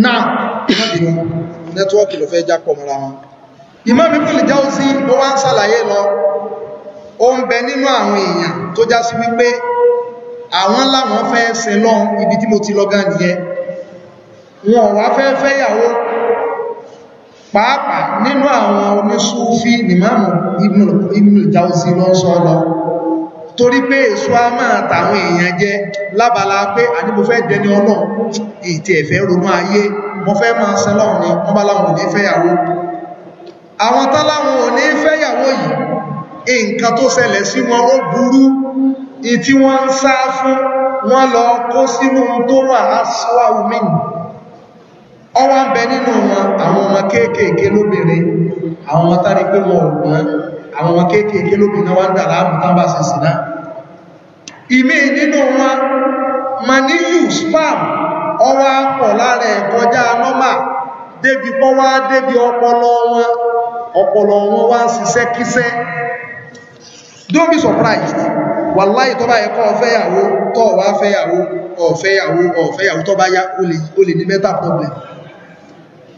náà ìmọ̀bìnú nẹ́tíwọ́kì ló fẹ́ jápọ̀ mọ́ra wọn Imam Ibn Jawzi ó wá ń sàlàyé lọ ó ń bẹ nínú àwọn èèyàn tó já sí wípé àwọn láwọn fẹ́ sin lọ́n ibi tí mo ti lọ gan nìyẹn wọn wá fẹ́ fẹ́yàwó pàápàá nínú àwọn onísúfí ni Imam Ibn Jawzi ló ń sọ lọ torí pé èso a máa tàwọn èèyàn jẹ lábala pé àdíbò fẹ́ dẹni ọlọ́run ètì ẹ̀fẹ́ ronú ayé mo fẹ́ máa sin lọ́run ni wọ́n bá láwọn òní fẹ́yàwó àwọn táláwọn òní fẹ́yàwó yìí nǹkan tó ṣẹlẹ̀ sí wọn ó burú ìtí wọ́n ń sá fún wọ́n lọ kó sínú tó wà aṣọ́wà omi ọwọ́ ń bẹ nínú wọn àwọn ọmọ kéékèèké lóbìnrin àwọn ọmọ tá rí pé wọn ò gbọ́n àwọn ọmọ kéékèèké lóbìnrin wọ́n ń dà láàmú tábà sí sí náà ìmí nínú wọn maniyu spam ọwọ́ apọ̀ lára ẹ̀ kọjá nọ́mà débi pọ́ wá débi ọpọlọ wọn ọpọlọ wọn wá ń ṣiṣẹ́ kíṣẹ́ don't be surprised wàláì tó bá yẹ kọ́ ọ̀fẹ́yàwó tó fẹ́yàwó ọ̀fẹ́yàwó ọ̀fẹ́yàwó tó yá ó ní mental problem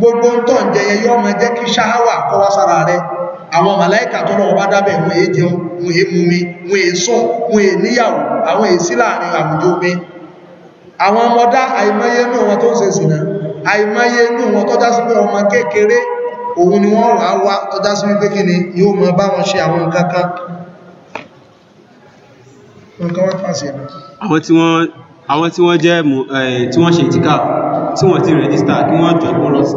gbogbo ń tọ́ jẹyẹ yọ́ ma jẹ́ kí ṣáháwà kọ́ wá sára rẹ àwọn màláìkà tó lọ́wọ́ bá dábẹ̀ wọ́n èé jẹun wọ́n èé mumi wọ́n èé sùn wọ́n èé níyàwó àwọn èé sí láàrin àwùjọ omi àwọn ọmọdá àìmọye inú wọn tó ń ṣe sìnà àìmọye inú wọn tó jásí pé ọmọ kékeré òun ni wọ́n wà wá tó jásí wípé kí ni yóò mọ bá wọn ṣe àwọn nǹkan kan àwọn tí wọ́n jẹ́ tí wọ́n ṣe ìtìkà tí wọ́n ti rẹ̀jísítà kí wọ́n jọ̀gbọ́n lọ sí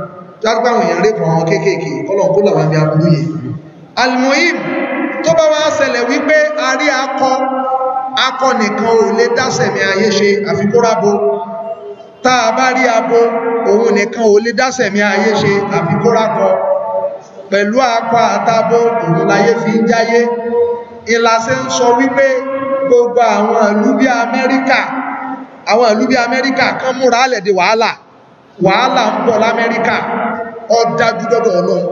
jágbàwọn èèyàn rẹ̀ fún àwọn kéékèèké ọlọ́run kó làwọn ibi aburú yìí almuhim tó bá wá ṣẹlẹ̀ wípé a rí akọ akọ nìkan ò lè dásẹ̀mí ayé ṣe àfikórabo tá a bá rí abo òun nìkan ò lè dásẹ̀mí ayé ṣe àfikórakọ pẹ̀lú akọ àtabo òun láyé fi ń jáyé ìlàsẹ̀ ń sọ wípé gbogbo àwọn ìlú amẹ́ríkà àwọn ìlú amẹ́ríkà kan múra lẹ̀dẹ̀ wàhálà wàhálà ń bọ̀ lamẹ́ríkà ọ̀dájú dọ́dọ̀ ọlọ́run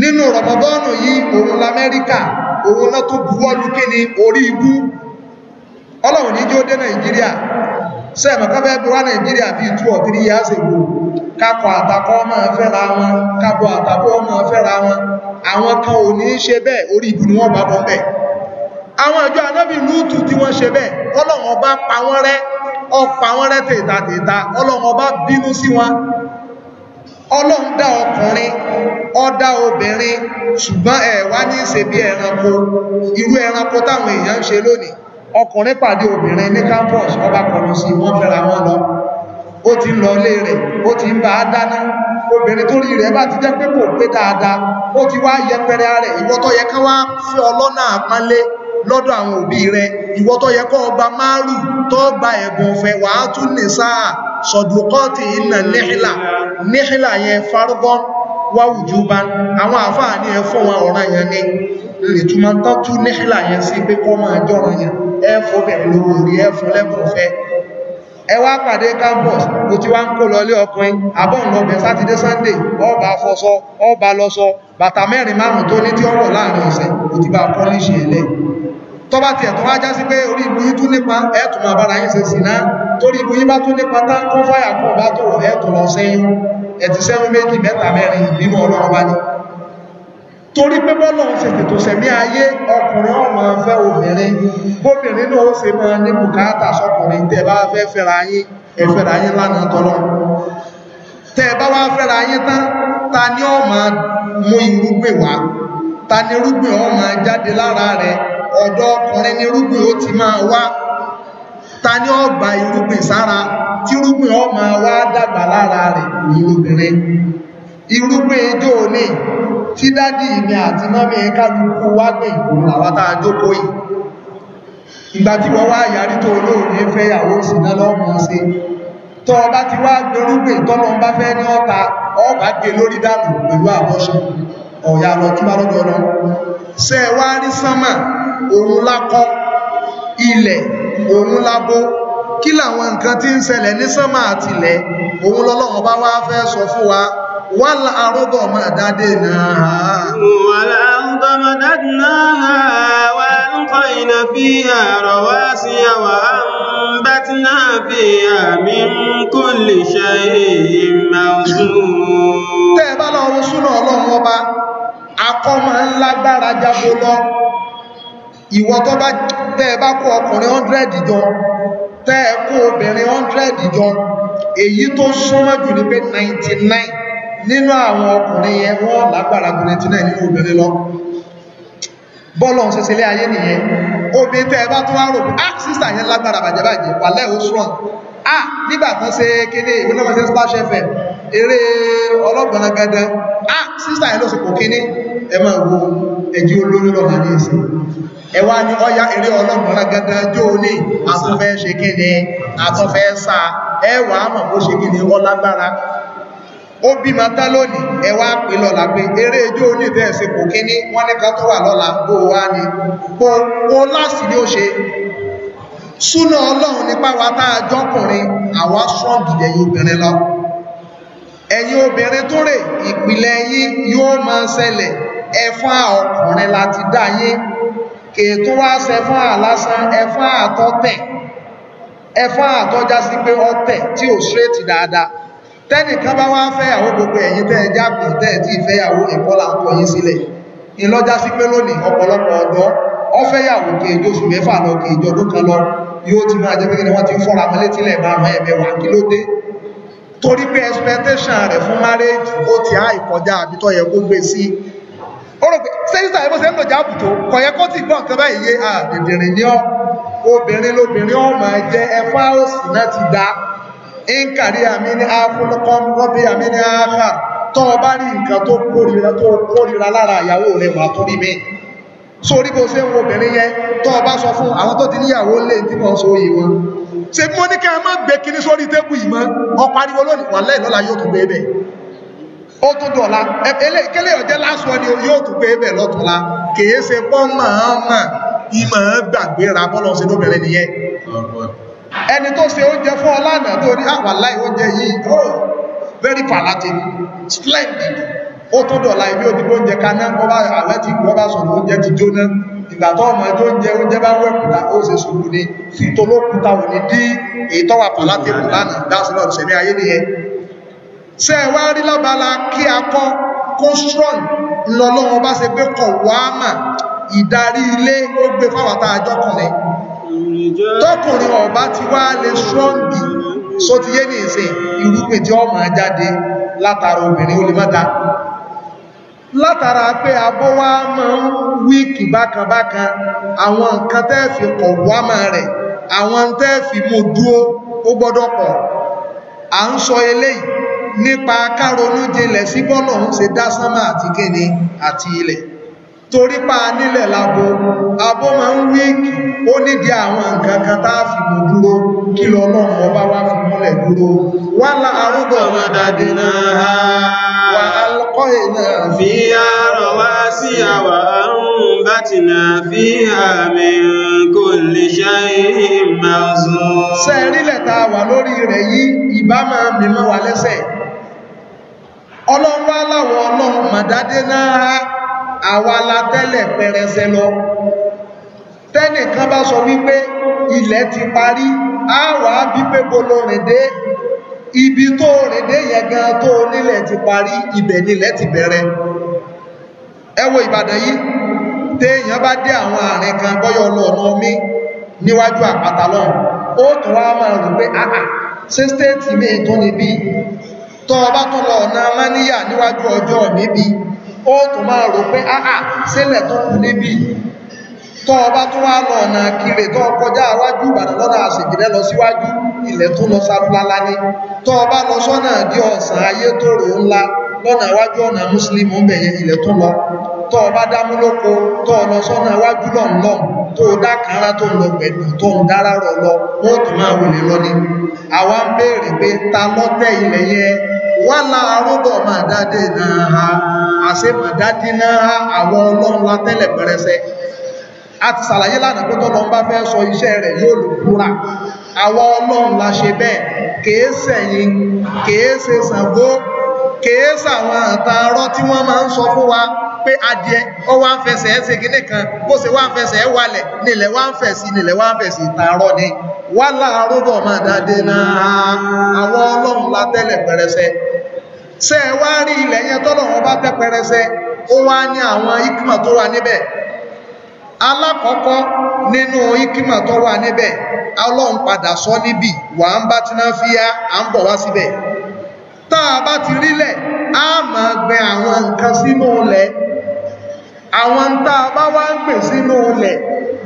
nínú rọmọbọ́ọ̀nù yìí òun lamẹ́ríkà òun náà tó buwọ́lù kí ni orí ibú ọlọ́run ní jẹ́ ó dé nàìjíríà sẹ́ẹ̀mọ̀ káfẹ́ bí wá nàìjíríà bí two or three years ago kakọ̀ àtakọ́ ọmọ fẹ́ra wọn kakọ̀ àtakọ́ ọmọ fẹ́ra wọn àwọn kan ò ní ṣe bẹ́ẹ̀ orí ibú ni wọ́n bá bọ́ bẹ́ẹ̀ àwọn ìjọ anábì lúùtù tí wọ́n ṣe bẹ́ẹ̀ ọlọ́run ọba pa wọ́n rẹ́ ọpa wọ́n rẹ́ tètàtètà ọlọ́run ọba bínú sí wọn ọlọ́run dá ọkùnrin ọdá obìnrin ṣùgbọ́n ẹ̀ wá ní ṣe bí ẹranko irú ẹranko táwọn èèyàn ń ṣe lónìí ọkùnrin pàdé obìnrin ní campus ọba kọlù sí wọ́n fẹ́ra wọn lọ ó ti ń lọ ilé rẹ̀ ó ti ń bá a dáná obìnrin tó rí rẹ̀ bá ti jẹ́ pé kò pé dáadáa ó ti wá yẹpẹrẹ rẹ̀ ìwọ tó yẹ ká wá fẹ́ ọlọ́nà àpánlé lọ́dọ̀ àwọn òbí rẹ ìwọ tó yẹ kọ́ ọba márù tó gba ẹ̀bùn ọ̀fẹ́ wàá tún ní sáà sọ̀dùkọ́tì ìnà níhìlà níhìlà yẹn fárúgọ́ wáwùjúbá àwọn àfáà ẹ fún wọn ọ̀ràn yẹn ni ìtumọ̀ tán tún níhìlà yẹn sí pé kọ́ máa jọ̀ràn yẹn ẹ fún bẹ̀rẹ̀ lówó rí ẹ fún lẹ́bùn ọ̀fẹ́ ẹ wá pàdé campus kò tí wá ń kó lọlé ọkùnrin abọ́nlọ́bẹ̀ sátidé sunday ọba afọ́sọ ọba lọ́sọ bàtà mẹ́rin márùn tó ní tí ọwọ́ láàrin ọ̀sẹ̀ kò ti bá pọ́líṣì ẹ̀lẹ́ tọ́bá ti ẹ̀tọ́ wájá sí pé orí ibu yí tún nípa ẹ̀tùn àbára yí se sì náà torí ibu yí bá tún nípa tán kọ́ fáyà kọ́ bá tó ẹ̀tùn lọ sẹ́yìn ẹ̀tì sẹ́yìn méjì mẹ́ta mẹ́rin ìbínú ọlọ́run bá ní torí pé bọ́lọ̀un ṣe tètò sẹ̀mí ayé ọkùnrin ọmọ fẹ́ obìnrin bóbìnrin náà ó ṣe máa ní sọkùnrin tẹ́ bá fẹ́ fẹ́ra yín ẹ̀fẹ́ra yín lánàá tọ́lọ́ bá wá fẹ́ra yín ta ni ọ máa mú irúgbìn wá ta ni irúgbìn máa jáde lára ọ̀dọ̀ ọkùnrin ni irúgbìn ó ti ta ni gba irúgbìn sára tí irúgbìn máa wá dàgbà lára irúgbìn ijó ní tí dádì àti mọ́mí kálukú wá gbìn àwátá àjókò yìí ìgbà tí wọ́n wá yàrí tó olóòrùn fẹ́yàwó ìsìnà lọ́mọ sí tọ́ ọba ti wá gbẹrúgbìn tọ́lọ ń fẹ́ ní ọta ọba gbé lórí dànù pẹ̀lú àbọ́ṣe ọ̀yà lọ túbá lọ́dọ̀ lọ wá wá fẹ́ wal arda madadnaha wal arda madadnaha wa alqayna fiha rawasiya wa anbatna fiha min kulli shay'in mawzun tẹ́ bá obìnrin 100 jọ èyí tó súnmọ́ jù ní pé 99 nínú àwọn ọkùnrin yẹn wọ́n lágbára gùn 99 nínú obìnrin lọ bọ́ọ̀lọ̀ ń ṣẹṣẹlẹ̀ ayé nìyẹn obìnrin tẹ́ bá tún wá rò ah sísà yẹn lágbára bàjẹ́bàjẹ́ wà lẹ́ẹ̀ ó ah nígbà tán ṣe kéde ìwé náà ṣe splash fm eré ọlọ́gbọ̀nà gẹ́gẹ́ ah sísà yẹn ló sì kò kíní ẹ máa wo ẹ̀jí olórí lọ́nà ní ìsìn ẹ wá ọya eré ọlọ́gbọ̀nà gẹ́gẹ́ jó ní àtúnfẹ́ ṣe kíni àtúnfẹ́ sá ẹ mọ̀ bó ṣe kíni ọlágbára ó bí mata lónìí ẹwà pè lọ́la pé eré ijó ní ìtẹ́ẹ̀sẹ̀ kò kí ní wọ́n ní kan tó wà lọ́la bó wá ní kó láti ní ó ṣe súnà ọlọ́run nípa wa tá a jọkùnrin àwa sọ́ọ̀gì ẹ̀yin obìnrin lọ ẹ̀yin obìnrin tó rè ìpìlẹ̀ yín yóò máa ṣẹlẹ̀ ẹ̀fọn ọkùnrin láti dá yín kètò wá ṣẹfọn àlásán ẹ̀fọn àtọ́tẹ̀ ẹ̀fọn àtọ́jásí pé ọ̀tẹ̀ tí ò ṣírètì dáadáa tẹ́nìkan bá wá fẹ́yàwó gbogbo ẹ̀yin tẹ́ ẹ jápù tẹ́ ẹ tí ìfẹ́yàwó ìkọ́lá ń kọ́ yín sílẹ̀ ìlọ́já sí pé lónìí ọ̀pọ̀lọpọ̀ ọ̀dọ́ ọfẹ́yàwó kejì oṣù mẹ́fà lọ kejì ọdún kan lọ yóò ti máa jẹ́ pé kíni wọ́n ti fọ́ra mọ́lé tílẹ̀ bá àwọn ẹ̀mẹ́wà kí ló dé torí pé expectation rẹ̀ fún marriage ó ti á ìkọjá àbí tó yẹ kó gbé sí ó rò pé sẹ́yìnsà ẹ̀bọ́ sẹ́yìn lọ́jà àbùtò kò yẹ kó ti gbọ́ nǹkan báyìí yé àdìdìrìn ah, ní ọ obìnrin lóbìnrin ọmọ ẹ̀jẹ̀ ẹ̀fọ́ àwòsì náà ti dáa nkàrí àmì ní afúnlọ́kọ́m rọ́bí àmì ní àáfà tó o bá rí nǹkan tó kórìíra tó kórìíra lára ìyàwó rẹ̀ wà tó bí mi sórí bó ṣe ń wo obìnrin yẹn tó o bá sọ fún àwọn tó ti níyàwó lè tí wọ́n so yìí wọn ṣe mọ́ ní ká má gbé kíní sórí tébù yìí mọ́ ọ pariwo lónìí wà lẹ́yìn lọ́la yóò tún gbé bẹ̀ ó tún dọ̀la kélé ọ̀jẹ́ lásán ni yóò tún gbé bẹ̀ lọ́tọ̀la kìí ṣe pọ́ mọ̀ ọ́n ẹni tó ṣe oúnjẹ fún ọ lánàá tó ní àwàláì ah, oúnjẹ yìí oh very palatable splendid ó tó dọ̀la ibi òdìbò oúnjẹ kaná ọba àwẹ́ ti wọ́n bá sọ̀rọ̀ oúnjẹ ti jóná ìgbà tó ọmọ ẹjọ́ oúnjẹ oúnjẹ bá wẹ̀kùtà ó ṣe sùúrù ni tó ló kúta ò ní dí èyí tọ́wà palatable lánàá dáṣẹ́ náà ṣẹ̀mí ayé nìyẹn ṣe ẹ wá rí lábala kí a kọ́ kó strong lọ́lọ́wọ́ bá ṣe pé kọ̀ wá mà ìdarí ilé ó gbé fáwọn àtàjọkùnrin tọkùnrin ọba ti wá lè ṣọ́ǹgì só ti yé ní ìsìn irúgbìn tí ó máa jáde látara obìnrin ó lè mọ́ta látara pé abọ́ wá máa ń wíkì bákanbákan àwọn nǹkan tẹ́ẹ̀fì kọ̀wọ́ àmà rẹ̀ àwọn tẹ́ẹ̀fì mú dúó ó gbọ́dọ̀ pọ̀ à ń sọ eléyìí nípa káronú jinlẹ̀ sí bọ́lọ̀ ń ṣe dá àti kéde àti ilẹ̀ torí pa nílẹ̀ labo abo ma ń wí ó nídìí àwọn nǹkan kan tá a fi mú dúró kí lọ náà ọba wá fi múlẹ̀ dúró wà lá arúgbó ọmọdàdínà wà alkọ́ ìnà fi àárọ̀ wá sí àwà àrùn bátìnà fi àmì kò lè ṣe ìmọ̀sùn sẹ́ẹ̀rílẹ̀ ta wà lórí rẹ̀ yí ìbá máa mímọ́ wa lẹ́sẹ̀ ọlọ́run wá láwọn ọlọ́run màdádé náà àwa la tẹ́lẹ̀ pẹrẹsẹ lọ tẹ́nìkan bá sọ wípé ilẹ̀ ti parí á wà á bí pé bolo rèdé ibi tó rèdé yẹn gan tó nílẹ̀ ti parí ibẹ̀ nílẹ̀ ti bẹ̀rẹ̀ ẹ wo Ìbàdàn yìí téèyàn bá dé àwọn àárín kan bọ́yọ̀ ọlọ́ọ̀nà omi níwájú àpáta lọ́hùn ó tún wá máa rò pé àà ṣé stéètì mi tó níbí tọ́ ọ bá tún lọ ọ̀nà amáníyà níwájú ọjọ́ níbí ó tún máa rò pé áà sílẹ̀ tó kù ọba tó wá lọ ọ̀nà kiri tọ́ kọjá iwájú ìbàdàn lọ́nà àṣèjìlẹ̀ lọ síwájú ilẹ̀ tó lọ sálúlálá ní ọba lọ sọ́nà bí ọ̀sán ayé tó rò ńlá lọ́nà iwájú ọ̀nà mùsùlùmí ń tó ọba dámú lóko tó ọlọ sọ́nà iwájú lọ́nà tó dákàrá tó lọ pẹ̀lú tó ń dára rọ̀ lọ wọ́n tó máa wù ní lọ́ní àwa ń béèrè pé ta lọ́tẹ̀ ilẹ̀ yẹ wà láàrúbọ̀ máa dáadé náà ha àṣẹ máa dáadé náà ha àwọn ọlọ́run látẹ́lẹ̀ pẹ̀rẹsẹ̀ a ti ṣàlàyé lánàá pé tọ́lọ́ bá fẹ́ sọ iṣẹ́ rẹ̀ yóò lò kúrà àwọn ọlọ́run la ṣe bẹ́ẹ̀ kèé sẹ̀yìn kèé ṣe Ṣàngó kèé sàwọn àtàárọ̀ tí wọ́n máa ń sọ fún wa pé adìẹ ó wá ń fẹsẹ̀ ẹ́ ṣe kinní kan bó ṣe wá ń fẹsẹ̀ wálẹ̀ ni wá láàárọ̀ bọ̀ máa dáadé náà àwọn ọlọ́run la tẹ́lẹ̀ pẹrẹsẹ ṣe ẹ wá rí ilẹ̀ yẹn tọ́lọ́run bá tẹ́ ó wá ní ikima tó wà níbẹ̀ alákọ̀ọ́kọ́ nínú tó wà níbẹ̀ ọlọ́run padà sọ wà ń tá a bá ti rílẹ̀ a máa gbẹ àwọn nǹkan sínú ilẹ̀ àwọn tá a bá wá ń gbè sínú ilẹ̀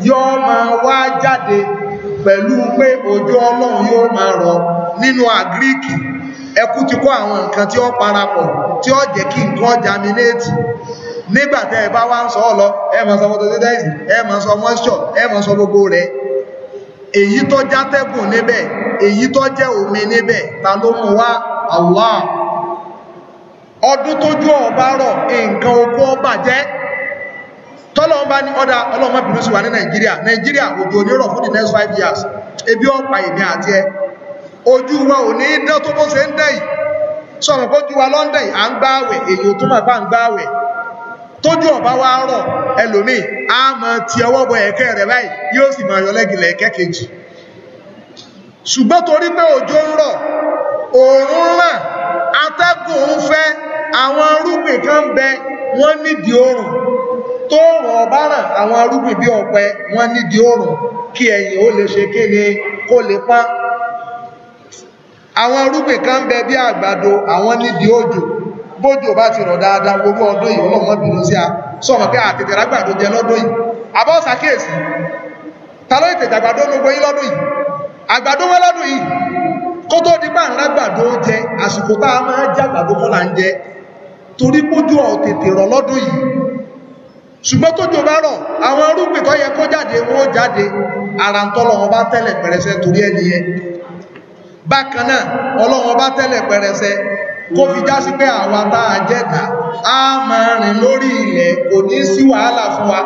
yóò máa wá jáde pẹ̀lú pé ojú ọlọ́run yóò máa rọ̀ nínú àgíríkì ẹkú ti kó àwọn nǹkan tí ó parapọ̀ tí ó jẹ́ kí nǹkan jaminéètì nígbàtẹ́ ẹ bá wá ń sọ ọ́ lọ ẹ máa sọ photosynthesis ẹ máa sọ moisture ẹ máa sọ gbogbo rẹ̀ èyí tó já tẹ́kùn níbẹ̀ èyí tó jẹ́ omi níbẹ̀ ta ló mú wá Allah ọdún tójú ọba rọ nǹkan oko ọba jẹ tọ́lọ́wọ́n ní ọ̀dà ọlọ́mọ ìbínú sí wa ní nàìjíríà nàìjíríà òjò ní rọ̀ next five years ebi ọ̀pá èmi àti ẹ ojú wa ò ní dán tó bó ṣe ń dẹ̀ sọ̀rọ̀ wa lọ́ndẹ̀ à ń èyí tó máa bá ń tójú ọba wa rọ̀ ẹlòmíì á mọ ti ọwọ́ òórùn ràn atẹ́gùn ń fẹ́ àwọn arúgbìn kan ń bẹ wọ́n nídìí oòrùn tó rọ̀ bá ràn àwọn arúgbìn bí ọ̀pẹ wọ́n nídìí oòrùn kí ẹ̀yìn ó lè ṣe kí ni kó lè pán àwọn arúgbìn kan ń bẹ bí àgbàdo àwọn nídìí òjò bójò bá ti rọ̀ dáadáa gbogbo ọdún yìí ọlọ́mọ bìnú sí a sọ̀rọ̀ pé àtẹ̀tẹ̀ rágbàdo jẹ lọ́dún yìí àbọ̀ kó tó di pàǹrà gbàdó jẹ àsìkò tá a máa jẹ àgbàdo kọ́là ń jẹ torí pójú ọ̀ tètè rọ̀ lọ́dún yìí ṣùgbọ́n tójò bá rọ̀ àwọn arúgbìn tó yẹ kó jáde wọ́n jáde ara ń tọ́lọ̀ wọn bá tẹ́lẹ̀ pẹrẹsẹ torí ẹni yẹn bákan náà ọlọ́wọ́n bá tẹ́lẹ̀ pẹrẹsẹ kó fi já sí pé àwa tá a jẹ́ ká máa rìn lórí ilẹ̀ kò ní sí wàhálà fún wa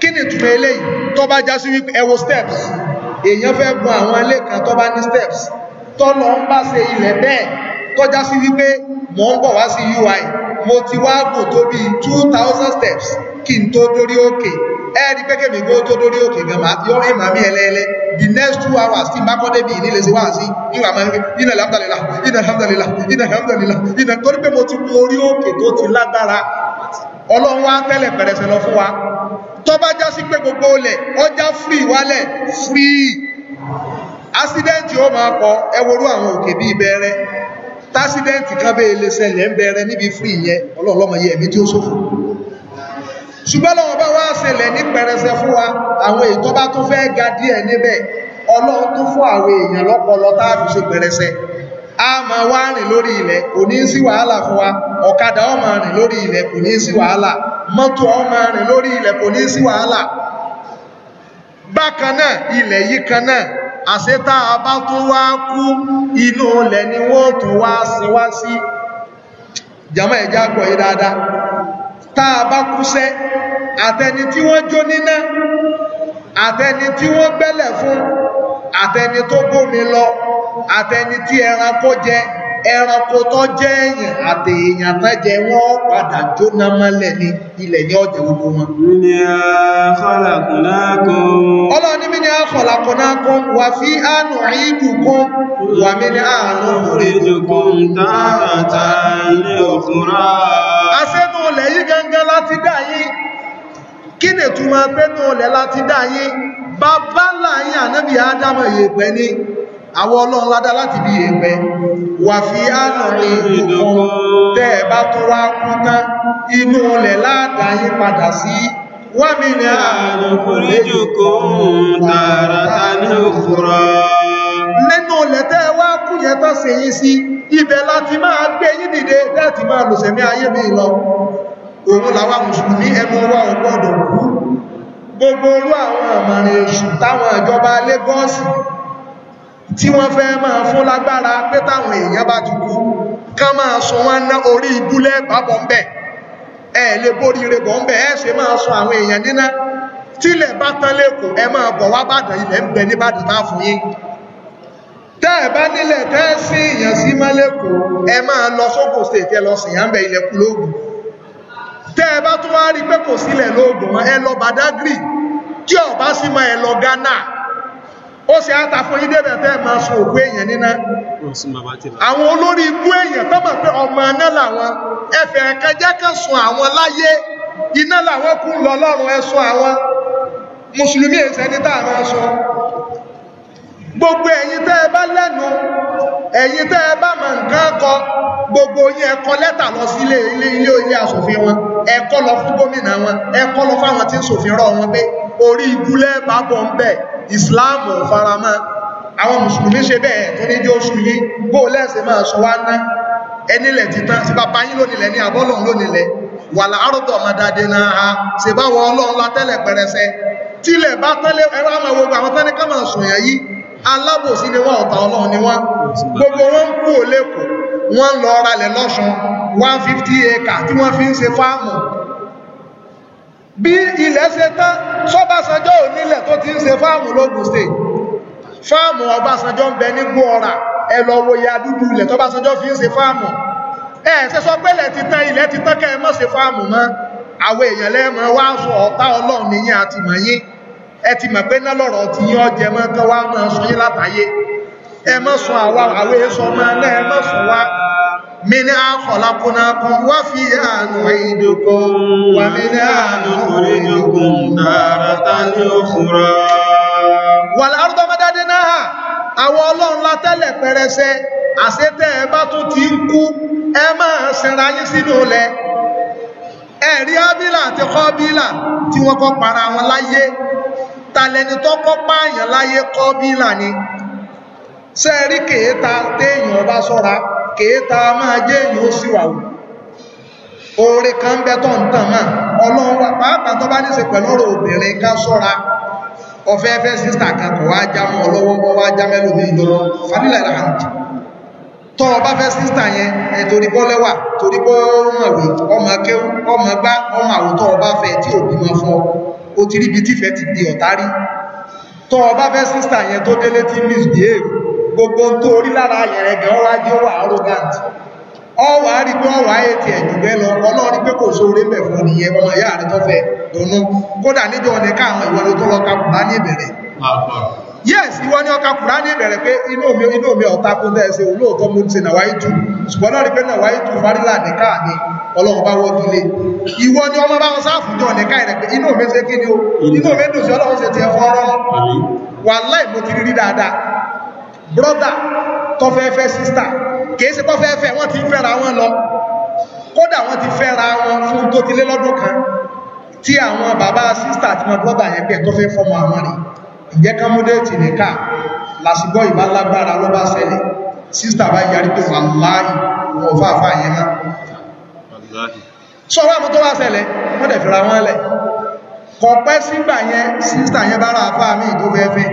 kí ni ìtumọ̀ eléyìí tó bá já sí wípé ẹ wo steps èèyàn fẹ́ gun àwọn ilé kan tó bá ní steps tọ́nà ń bá ṣe ilẹ̀ bẹ́ẹ̀ tọ́já sí wípé mò ń bọ̀ wá sí UI mo ti wá gùn tó bí two thousand steps kí n tó dórí òkè ẹ rí pé kèmí gbó tó dórí òkè gan máa yọ ìmọ̀ mi ẹlẹ́ẹ̀lẹ́ the next two hours tí n bá kọ́ débi ìnílẹ̀ sí wáhà sí ìwà máa ń fi iná alhamdulillah iná alhamdulillah iná alhamdulillah iná torí pé mo ti kú orí òkè tó ti lágbára ọlọ́run wá tẹ́lẹ̀ pẹ̀rẹ̀sẹ̀ lọ fún wa tó bá já sí pé gbogbo olè ọjà free wálẹ̀ free accident ó máa pọ̀ ẹwọ́rú àwọn òkè bíi bẹ̀rẹ̀ tásídẹ́ǹtì kan bẹ́ẹ̀ lè ṣẹlẹ̀ ń bẹ̀rẹ̀ níbi fírí yẹn ọlọ́ọ̀lọ́mọ yẹ ẹ̀mí tí ó ṣòfò ṣùgbọ́n lọ́wọ́ bá wá ṣẹlẹ̀ ní pẹrẹsẹ fún wa àwọn ètò bá tún fẹ́ ga díẹ̀ níbẹ̀ ọlọ́run tún fún àwọn èèyàn lọ́pọlọ tá a fi ṣe pẹrẹsẹ a máa wá rìn lórí ilẹ̀ kò ní sí wàhálà fún wa ọ̀kadà ó máa rìn lórí ilẹ̀ kò ní sí wàhálà mọ́tò ó máa rìn lórí ilẹ̀ kò ní sí wàhálà bákan náà ilẹ̀ yìí kan náà àṣetá abá tún wá kú inú ilẹ̀ ni wọ́n tún wá sin wá sí jama ẹ̀já gbọ́ yìí dáadáa tá bá kúṣẹ́ àtẹni tí wọ́n jó níná àtẹni tí wọ́n gbẹ́lẹ̀ fún àtẹni tó gómi lọ àtẹni tí ẹranko jẹ ẹranko tó jẹ́ èèyàn àti èèyàn tán jẹ wọ́n padà jóná mọ́lẹ̀ ní ilẹ̀ ní ọ̀jẹ̀ gbogbo wọn. Mini àkọlàkùnákùn. Ọlọ́ni mini àkọlàkùnákùn wà fí àánú ìdùkún wà mini àánú ìdùkún tààtà ní òfúnra. Aṣẹ́nu olè yí gẹ́gẹ́ láti dá yín. Kí ni ìtumọ̀ pẹ́nu olè láti dá yín? Bàbá láyé ànábì Ádámọ̀ yèpẹ̀ àwọn ọlọ́run ládá láti bí èèpẹ̀ wà fi ánà ní ìdókò tẹ́ ẹ bá tó wá kú tán inú ilẹ̀ láàdáyé padà sí wà mí ní àdókòríjòkó tààràtà ní òkúrọ̀ nínú ilẹ̀ tẹ́ wá kú yẹ mi lọ òun làwa mùsùlùmí ẹnu wa ò gbọ́dọ̀ kú gbogbo orú àwọn àmàrin èṣù táwọn ìjọba Lagos tí wọ́n fẹ́ máa fún lágbára pé táwọn èèyàn bá ti kú kán máa sọ wọ́n ná orí ìdúlẹ̀ bábọ̀ ń bẹ̀ ẹ̀ lè borí rẹ̀ bọ̀ ń bẹ̀ ẹ̀ ṣe máa sọ àwọn èèyàn níná tílẹ̀ bá tán lẹ́kọ̀ọ́ ẹ máa bọ̀ wá bàdàn ilẹ̀ ń bẹ níbàdàn tá fún yín tẹ́ ẹ bá nílẹ̀ tẹ́ ẹ sí èèyàn sí má lẹ́kọ̀ọ́ ẹ máa lọ sóko state ẹ lọ sìn yá ń bẹ ilẹ̀ kú lóògùn tẹ́ ẹ bá tún wá rí pé kò sílẹ̀ lóògùn ẹ lọ Badagry tí ọ̀bá sì máa ẹ lọ Ghana ó ṣe àtàfún ìdẹ́bẹ̀ tẹ́ ma sọ òkú èèyàn níná àwọn olórí ikú èèyàn tọ́mọ̀ pé ọmọ iná làwọn ẹfẹ̀ kẹjẹ́ kan sùn àwọn láyé iná làwọn kú lọ lọ́rùn ẹsọ àwọn mùsùlùmí èsẹ́ ní tààrà sọ gbogbo ẹ̀yin tẹ́ ẹ bá lẹ́nu ẹ̀yin tẹ́ ẹ bá mọ̀ nǹkan kọ gbogbo yín ẹ kọ lẹ́tà lọ sí ilé ilé ilé aṣòfin wọn ẹ lọ fún gómìnà wọn ẹ lọ fáwọn tí ń ṣòfin rọ̀ wọn pé orí ibúlẹ̀ bábọ̀ ń bẹ̀ Islam ò faramọ́ àwọn mùsùlùmí ṣe bẹ́ẹ̀ tó ní jẹ́ oṣù yìí bó lẹ́sẹ̀ máa sọ wá ná ẹnilẹ̀ títàn sí bàbá yín lónìlẹ̀ ní àbọ́lọ̀n lónìlẹ̀ wà láàrọ̀dọ̀ ọmọdáde náà ha ṣe bá wọ ọlọ́run látẹ́lẹ̀ pẹrẹsẹ tílẹ̀ bá tẹ́lẹ̀ ẹwà máa wo àwọn tẹ́lẹ̀ ká máa sùn yẹn yìí alábòsí ni wọ́n ọ̀tá ọlọ́run ni wọ́n gbogbo wọn ń kú òlẹ́kọ̀ọ́ wọ́n lọ ralẹ̀ lọ́sùn 150 acre tí wọ́n fi ń ṣe fáàmù bí ilẹ̀ ṣe tán sọ́básanjọ́ ò nílẹ̀ tó ti ń ṣe fáàmù lógún state fáàmù ọbásanjọ́ ń bẹ ní gbóọ̀rà ẹ lọ wo ya dúdú ilẹ̀ tọ́básanjọ́ fi ń se fáàmù ẹ ṣe sọ pé ilẹ̀ ti tán ilẹ̀ ti tán kẹ́ ẹ má ṣe fáàmù mọ́ àwọn èèyàn lẹ́mọ̀ wá sọ ọ̀tá ọlọ́run nìyẹn àti mọ̀ yín ẹ ti mọ̀ pé ná lọ́rọ̀ ti yín ọjẹ́ mọ́ kán wá mọ́ sọ yín látàyé ẹ má sọ àwa àwọn èèyàn sọ mọ́ náà ẹ má sọ wá منها خلقناكم وفيها نعيدكم ومنها نخرجكم تارة أخرى والأرض مددناها àwọn ọlọ́run látẹ́lẹ̀ pẹrẹsẹ àṣetẹ́ ẹ bá tún ti ń kú ẹ máa sinra yín sínú ilẹ̀ ẹ̀rí ábílà àti kọ́bílà tí wọ́n kọ́ para wọn láyé talẹ́ni tó kọ́ pààyàn láyé kọ́bílà ni ṣẹ́ẹ̀rí kèéta téèyàn bá sọ́ra kèéta máa jẹ́ èyàn ó sì wàwù oore kan ń bẹ tó ń tàn máa ọlọ́run wà pàápàá tó bá ní ṣe pẹ̀lú ọ̀rọ̀ obìnrin ká sọ́ra ọ̀fẹ́fẹ́ sísà kan kò wá já mọ́ ọlọ́wọ́ wọ́n wá já mẹ́lò ní lọ́wọ́ fanilẹ̀ làǹtì tọ́ ọba fẹ́ sísà yẹn ẹ̀ torí bọ́ lẹ́wà torí bọ́ ọmọwé ọmọ kéwú ọmọ gbá ọmọ àwòtọ́ ọba fẹ́ tí òbí máa fọ́ o ti ríbi tífẹ́ ti di ọ̀tá rí tọ́ ọba fẹ́ sísà yẹn tó délé tí misbehave gbogbo tó rí lára yẹ̀rẹ̀ gan wá jẹ́ wà arrogant ọwà rí pé ọwà ètì ẹ̀jùgbẹ́ lọ ọlọ́rin pé kò sóore mẹ́ fún ní ẹwọ́n ọmọ ìyá rẹ̀ tó fẹ́ dùnú kódà níjọ ní káàwọn ìwọ́n ló tó lọ ka Kùránì ìbẹ̀rẹ̀ yes ìwọ́n ní ọka Kùránì ìbẹ̀rẹ̀ pé inú mi inú mi ọ̀tá kún tẹ́ẹ̀sẹ̀ olóòótọ́ mo ti nàwáyé tù ṣùgbọ́n náà rí pé nàwáyé tù fárílà ní káàní ọlọ́run bá wọ́n kílé ìwọ ni ọmọ bá wọn sáàfùjọ nìka ẹ̀rẹ̀ pé inú mi ṣe kí ni o inú mi dùn sí ọlọ́run ṣe ti ẹ̀fọ́ ọ̀rọ̀ wà láì mo ti rí dáadáa brother tọ́fẹ́fẹ́ sister kìí se tọ́fẹ́fẹ́ wọ́n ti fẹ́ra wọn lọ kódà wọ́n ti fẹ́ra wọn fún tó ti lé lọ́dún kan tí àwọn bàbá sister àti wọn brother yẹn bẹ́ẹ̀ tọ́fẹ́ fọmọ àwọn rẹ̀ ìjẹ́ ká mú déètì nìka làṣìgbọ́ ìbá lágbára ló bá ṣẹlẹ̀ sister bá yarí pé wà láàyè wọn fàáfàá yẹn má sọ wá mú tó bá ṣẹlẹ̀ wọ́n dẹ̀ fẹ́ra wọn lẹ̀ kọ̀pẹ́ sígbà yẹn sister yẹn bá ra àfáà míì tó fẹ́ fẹ́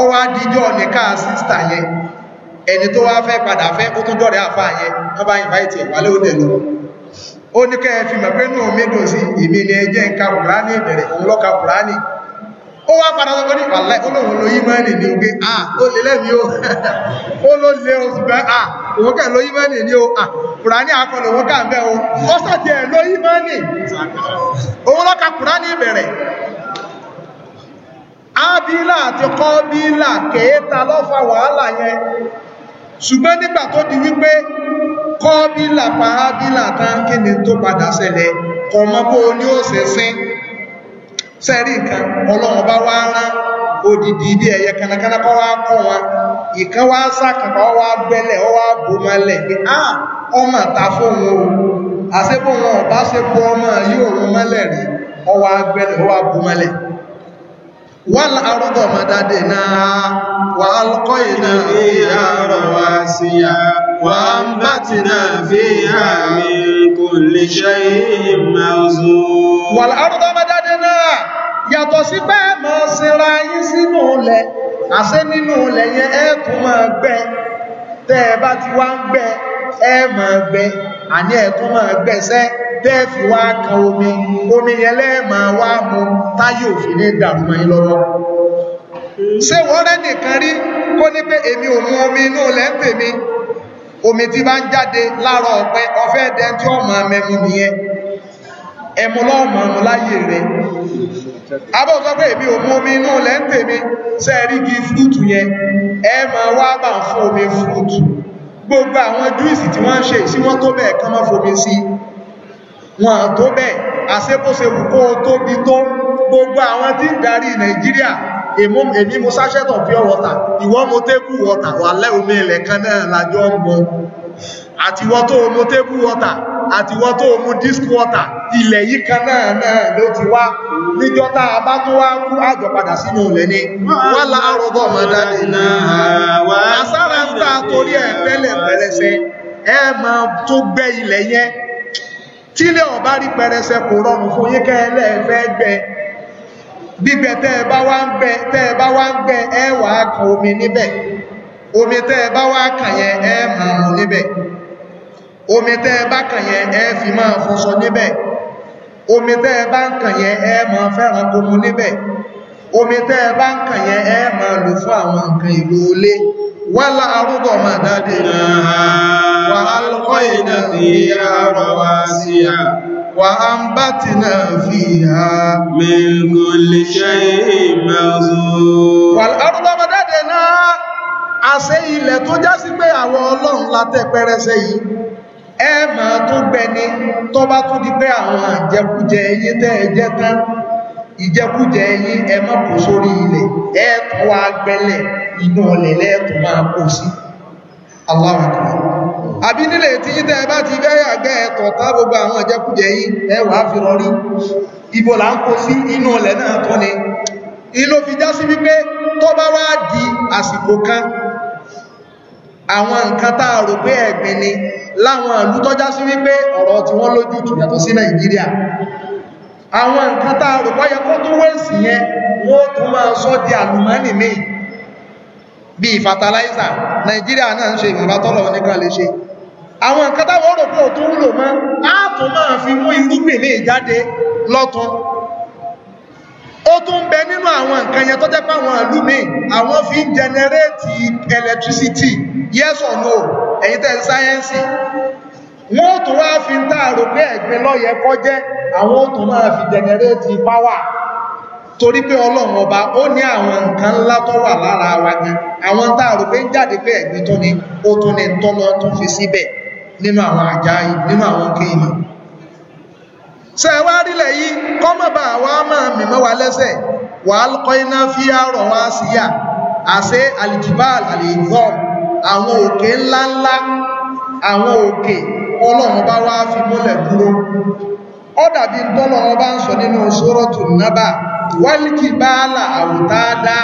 ọ wá díjọ́ nìka sísítà yẹn ẹni tó wá fẹ́ padà fẹ́ ó tún dọ̀rẹ́ àfáà yẹn wọ́n bá invite ẹ̀ wálé ó dẹ̀ lọ ó ní kẹ́ ẹ fi mọ̀ pé náà méjì sí èmi ni ẹ jẹ́ ń ka kùránì ìbẹ̀rẹ̀ òun lọ́ka kùránì ó wá padà sọ́kọ́ ní wàláì olóhun ló yí mẹ́rin ní ogbé à ó lè lẹ́mí ó ó ló lè o ṣùgbọ́n à òun kẹ́ ló yí mẹ́rin ní o à kùránì akọlù òun kà ń bẹ́ o ó sàtì ábílà àti kọ́bílà kèéta lọ́fà wàhálà yẹn ṣùgbọ́n nígbà tó di wípé kọbila pa ábílà tán kí ni tó padà ṣẹlẹ̀ ọmọ bó ní ó sẹ̀sìn sẹ́rí nǹkan ọlọ́run bá odidi bí ẹyẹ kanakana kọ́ wá wọn ìkan wá sàkàkà ọ wá ọ wá bò ta fóun o ṣe ọmọ yìí òun rí wal arda madadna wa alqayna fiha rawasiya wa ambatna fiha min kulli shay'in mawzun wal arda madadna yàtọ̀ sí pé mọ̀ síra yín sínú ilẹ̀ àṣẹ nínú ilẹ̀ yẹn ẹ́kùn máa gbẹ tẹ́ ẹ bá ti wá ń gbẹ ẹ máa gbẹ àní ẹ tún máa gbẹ̀sẹ̀ tẹ́ẹ̀fì wá kan omi omi yẹn lẹ́ẹ̀mà wá mú táyé òfin ní dàrúmọ̀ yín lọ́wọ́ ṣé wọ́n rẹ́ nìkan rí kó ní pé èmi ò mú omi inú lẹ́ǹpẹ̀ mi omi tí bá ń jáde láàárọ̀ ọ̀pẹ ọ̀fẹ́ ẹ̀dẹ́ tí ó máa mẹ́mu nìyẹn ẹmu lọ́ọ̀mọ̀ ọ̀run láyé rẹ̀ abọ́ sọ pé èmi ò mú omi inú lẹ́ǹpẹ̀ mi sẹ́ẹ̀rí gi fúrúùtù yẹn ẹ máa wá bá fún omi fúrúùtù gbogbo àwọn júìsì tí wọ́n ń ṣe sí wọ́n tó bẹ́ẹ̀ kán mọ́ fomi sí wọn tó bẹ̀ẹ̀ àṣẹ́bóṣe wù tóbi tó gbogbo àwọn tí ń darí Nàìjíríà èmi mo sáṣẹ́tọ̀ pure water ìwọ́n mo tẹ́kù water wà lẹ́ àtiwọ́ tó mú water, wọ́ta àtiwọ́ tó mú disc wọ́ta ilẹ̀ yìí kan náà náà ló ti wá níjọ́ tá a bá tó wá kú àjọ padà sínú ilẹ̀ ni wọ́n la arọ́bọ̀ mọ́dáde náà àsára ń ta torí ẹ̀ pẹ́lẹ̀ pẹ́lẹ́sẹ ẹ máa tó gbẹ́ ilẹ̀ yẹn tílẹ̀ ọ̀bá rí pẹrẹsẹ kò rọrùn fún yín kẹ́ẹ̀lẹ́ fẹ́ gbẹ gbígbẹ tẹ́ ẹ bá wá ń gbẹ tẹ́ ẹ bá wá ń gbẹ ẹ wàá kan omi níbẹ̀ omi tẹ́ ẹ bá wá kàn yẹn ẹ máa mu níbẹ̀ omi tẹ́ bá kàn yẹn ẹ fi máa fọṣọ níbẹ̀ omi tẹ́ bá ń kàn yẹn ẹ máa fẹ́ràn komu níbẹ̀ omi tẹ́ bá ń kàn yẹn ẹ máa lò fún àwọn nǹkan ìlú olé wala arúgbọ máa dáadé wà á lọ́kọ́ ìdá sí àárọ̀ wá sí à wà á ń bá ti náà fi ha mẹ́gbò lè ṣe ìmọ̀sù wà arúgbọ máa dáadé náà àṣẹ ilẹ̀ tó já pé àwọn ọlọ́run látẹ̀ pẹ́rẹsẹ yìí ẹ máa tún gbẹni tó bá tún di pé àwọn àjẹkújẹ ẹyin tẹ́ ẹ jẹ tán ìjẹkújẹ ẹyin ẹ má kó sórí ilẹ̀ ẹ tó wá gbẹ́lẹ̀ inú ọlẹ̀ lẹ́ẹ̀tún máa kó sí aláwọ̀kọ̀ àbí nílé tí yí tẹ́ ẹ bá ti fẹ́ yàgbẹ́ ẹ̀tọ̀ tá gbogbo àwọn àjẹkújẹ yìí ẹ wàá fi rọrí ibo là ń kó sí inú ọlẹ̀ náà tọ́ ni ìlò fi já sí wípé tó bá wá di àsìkò kan àwọn nǹkan tá a rò pé ẹ̀gbin ni láwọn ìlú tọ́já sí wípé ọ̀rọ̀ tí wọ́n lójú tù yàtọ̀ sí Nàìjíríà àwọn nǹkan tá a rò pọ́yẹ kó tún wẹ́sì yẹn wọ́n tún máa sọ di àlùmọ́nì míì bíi fataláísà Nàìjíríà náà ń ṣe ìgbìmọ̀ tọ́lọ̀ nìkan lè ṣe àwọn nǹkan táwọn rò pé òtún wúlò mọ́ á tún ó tún bẹ nínú àwọn nǹkan yẹn tó jẹ́ pé àwọn ìlú mi àwọn fi ń jẹnẹrétì ẹlẹtírísítì yes or no ẹ̀yin tẹ́ ń sáyẹ́ǹsì wọ́n ó tún wá fi ń tààrò pé ẹ̀gbin lọ́yẹ kọjẹ́ àwọn ó tún máa fi jẹnẹrétì páwà torí pé ọlọ́run ọba ó ní àwọn nǹkan ńlá tó wà lára wa gan àwọn tààrò pé ń jáde pé ẹ̀gbin tó ni ó tún ní tọ́lọ́ tún fi síbẹ̀ nínú àwọn àjá nínú àwọn kéèyàn ṣe wá rílẹ̀ yìí kọ́mọ̀bà wa máa mìmọ́ wa lẹ́sẹ̀ wà á kọ́ iná fi àrọ̀ wá sí yà àṣẹ alìjìbáàl àlèyìnbọ̀ àwọn òkè ńláńlá àwọn òkè ọlọ́run bá wá fi múlẹ̀ dúró ó dàbí tọ́lọ́run bá ń sọ nínú sórọ́tù nábà wálìjìbáàlà àwòtáadá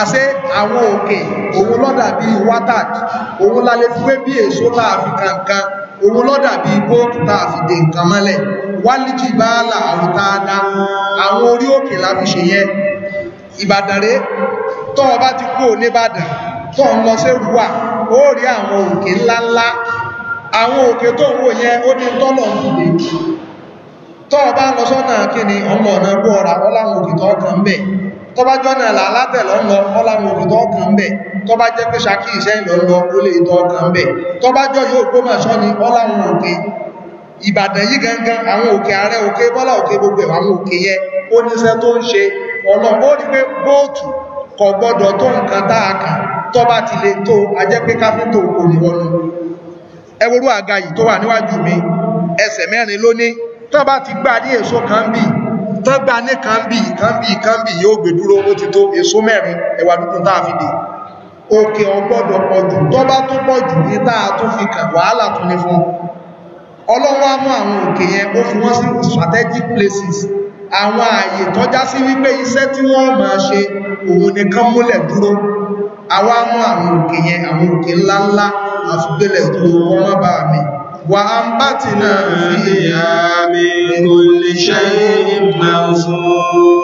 àṣẹ àwọn òkè òun lọ́dàbí wátàkì òun lálẹ́ fúwé bí èso láàfin kankan Owu ló dàbí góòlù táà fi dé nǹkan mọ́lẹ̀ wálìjì bá là àwọn táadá àwọn orí òkè láfi ṣe yẹ Ìbàdàn tó o ti kú ò nìbàdàn tó ń lọ sí rúwà ó rí àwọn òkè ńláńlá àwọn òkè tó ń wò yẹn ó ní tọ́lọ̀ ń o lọ sọ́nà kí ni ọmọ ọ̀nà gbọ́ ọ̀rà ọláwọn òkè tó bá jọ́nà àlàátẹ̀ lọ́nà ọláwọn olùtọ́ ọkàn bẹ̀ tó bá jẹ́ pé Ṣakí iṣẹ́ ìlọ́lọ́ ó lè tọ́ ọkàn bẹ̀ tó bá jọ yóò gbó máa ṣọ́ ni ọláwọn òkè Ìbàdàn yìí gangan àwọn òkè ààrẹ òkè bọ́lá òkè gbogbo àwọn òkè yẹ ó níṣẹ́ tó ń ṣe ọlọ́run ó rí pé bóòtù kò gbọ́dọ̀ tó nǹkan tọ́gbà ní kàmbì kàmbì kàmbì yóò gbé dúró ó ti tó èso mẹ́rin ẹwà dúdún tàà fi dè òkè ọgbọ́dọ̀ pọ̀jù tó bá tó pọ̀jù ní tàà tó fi kà wàhálà tó ní fún ọlọ́wọ́ mú àwọn òkè yẹn ó fi wọ́n sí strategic places àwọn ààyè tọ́já sí wípé iṣẹ́ tí wọ́n máa ṣe òun ni kán múlẹ̀ dúró àwa mú àwọn òkè yẹn àwọn وأنبتنا فيها من كل شيء موزون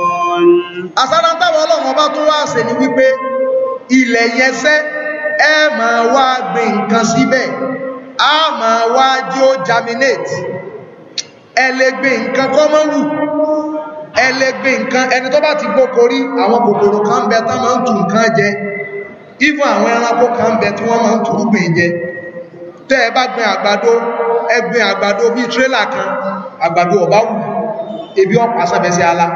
àsárá táwọn ọlọ́run ọba tún wá ṣe ni wípé ilẹ̀ yẹn sẹ́ ẹ máa wá gbin nǹkan síbẹ̀ á máa wá jí ó germinate ẹ lè gbin nǹkan kọ́mọ́ wù ẹ lè gbin nǹkan ẹni tó bá ti gboko àwọn kòkòrò kan bẹ tá máa ń tu nǹkan jẹ even àwọn ẹranko kan bẹ tí wọ́n máa ń tu gbìn jẹ tẹ́ ẹ bá gbin àgbàdo ẹ gbin àgbàdo bíi tírélà kan àgbàdo ọ̀bá wù ebi ọ̀pá sábẹ́sẹ̀ ala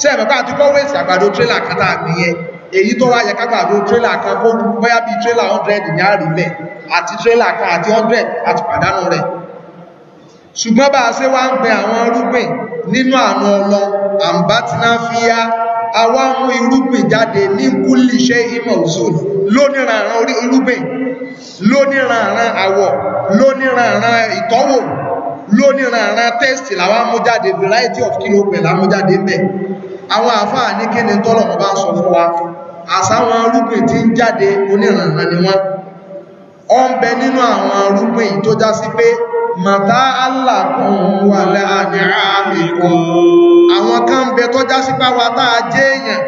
ṣé ẹ̀mọ́ pé àti kọ́wéèsì àgbàdo tírélà kan tá a gbìn yẹn èyí tó wáyẹ kágbàdo tírélà kan kó bóyá bíi tírélà hundred ní àrílẹ̀ àti tírélà kan àti hundred àti pàdánù rẹ̀ ṣùgbọ́n bá a ṣe wá ń gbin àwọn irúgbìn nínú àwọn ọlọ àǹbá tí náà fi yá àwa mú irúgbìn jáde ní kúlì ṣe ìmọ̀ òzùn lóníranran orí irúgbìn lóníranran àwọ̀ lóníranran ìtọ́wò lóníranran tẹ́sì làwa mú jáde variety of kilo pẹ̀ làmú jáde mẹ́ àwọn àfáà ní kí ni tọ́lọ̀mọ́ bá sọ fún wa àsáwọn irúgbìn tí ń jáde oníranran ni wọ́n ọ ń bẹ nínú àwọn irúgbìn tó já sí pé màtá alákùn wà láàrin àmìkùn àwọn kan bẹ tọ́já sípá wa táa jẹ́ èèyàn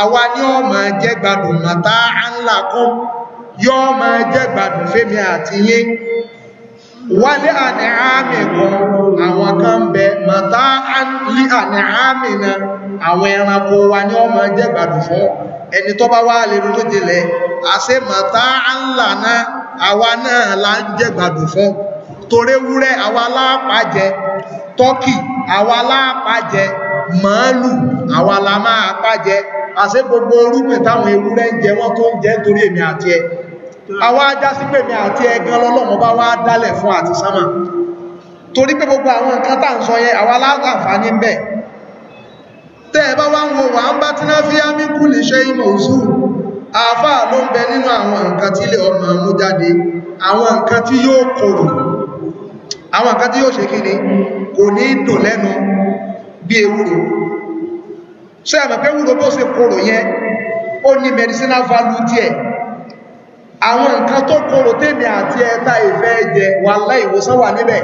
àwa ni ọ máa jẹ́ gbádùn màtá alákùn yọ máa jẹ́ gbádùn fẹ́mi àti yín wálé àní àmì kan àwọn kan bẹ mata lí na àwọn ẹranko wa ni ọ máa je gbádùn fún ẹni tó bá wá lè rí lójìlẹ̀ àṣẹ màtá ńlá àwa náà la ń torí ewúrẹ́ àwa láàpájẹ tọ́kì àwa láàpájẹ màálù àwa la máa pájẹ àṣẹ gbogbo orúgbìn táwọn ewúrẹ́ ń jẹ wọ́n tó ń jẹ torí èmi àti ẹ àwa ajá sí pé àti ẹ gan lọ́lọ́mọ bá wá dálẹ̀ fún torí pé gbogbo àwọn nǹkan tá ń sọ àwa ń tẹ́ ẹ bá wá ń wo wà ń bá tí fi ámì kú lè àwọn nǹkan tí yóò ṣe kí ni kò ní dùn lẹ́nu bí ewúro ṣe àmọ̀ pé ewúro bó ṣe korò yẹn ó ní medicinal value díẹ̀ àwọn nǹkan tó korò tèmi àti ẹta ìfẹ́ jẹ wà láì wà níbẹ̀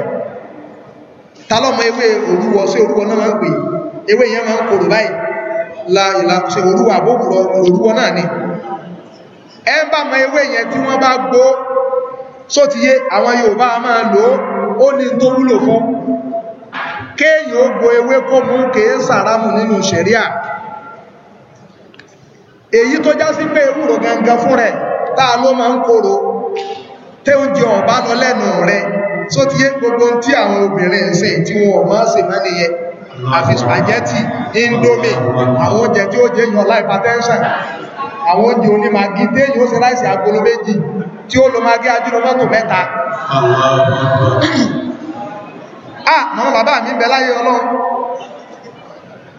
ta lọ́mọ ewé òrúwọ sí òrúwọ náà máa ń pè ewé yẹn máa ń korò báyìí la ìlà ṣe òrúwọ àbókùrọ òrúwọ náà ni ẹ bá mọ ewé yẹn tí wọ́n bá gbó só ti yé àwọn Yorùbá a máa lò ó ní tó wúlò fún kéèyàn ó ewé kó mú kèé sàrámù nínú ṣẹ̀ríà èyí tó já sí pé ewúro gangan fún rẹ̀ táà ló máa ń ọ̀bá lọ lẹ́nu rẹ̀ só ti yé gbogbo tí àwọn obìnrin ṣe tí wọn máa ṣe máa indomie àwọn oúnjẹ tí ó jẹ́ yọ àwọn oúnjẹ oní magi tí èyí ó ṣe láìsí agolo méjì tí ó lo magi ajúlọ mọ́tò mẹ́ta ah màmá bàbá mi ń bẹ láyé ọlọ́run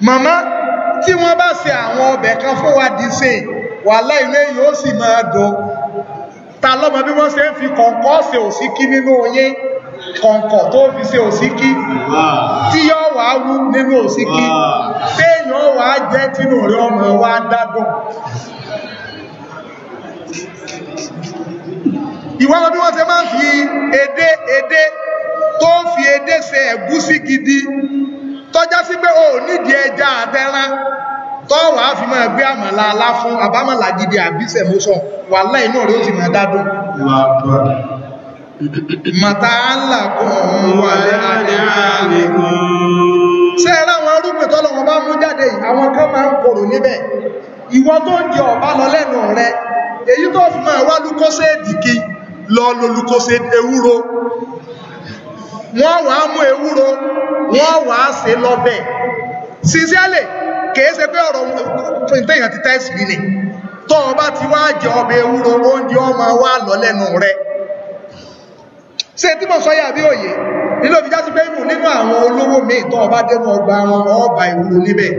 màmá tí wọ́n bá ṣe àwọn ọbẹ̀ kan fún wa di ṣe wàhálà ilé yìí ó sì máa dùn ta lọ́mọ bí wọ́n ṣe ń fi kọ̀ǹkọ̀ ṣe òsíkí nínú oyin kọ̀ǹkọ̀ tó fi ṣe òsíkí tí yọ́ wà á wú nínú òsíkí téèyàn wà jẹ́ tínú rẹ̀ ọmọ wa dádùn ìwọ́n bí wọ́n ṣe máa ń fi edé edé tó ń fi edé ṣe ẹ̀gúsí gidi tọ́já sí pé o ò nídìí ẹja àtẹran tọ́wọ́ á fi máa gbé àmàlà aláfún àbámàlà gidi àbísẹ̀ mọ́sọ̀ wà láì náà rí ó sì máa dádùn. màtá ńlá kan wà láàrin àlekún. ṣé ẹ ráwọn arúgbìn tọ́lọ̀ wọn bá mú jáde yìí àwọn kan máa ń korò níbẹ̀ ìwọ tó ń jẹ ọ̀bá lọ lẹ́nu rẹ èyí tó fi máa wá lúkọ́sẹ́ẹ̀dì kí lọ lolùkóse ewúro wọ́n wà á mú ewúro wọ́n wà á ṣe lọ́bẹ̀ sincerely kìí ṣe pé ọ̀rọ̀ ìtẹ̀yàn ti tẹ́sì rí ni tó o bá ti wá jẹ ọbẹ̀ ewúro oúnjẹ ọmọ wa lọ lẹ́nu rẹ̀ ṣe tí mo sọ yà bí òye nínú òbí jásí pé ìmù nínú àwọn olówó míì tó o bá dẹnu ọgbà wọn ọba ewúro níbẹ̀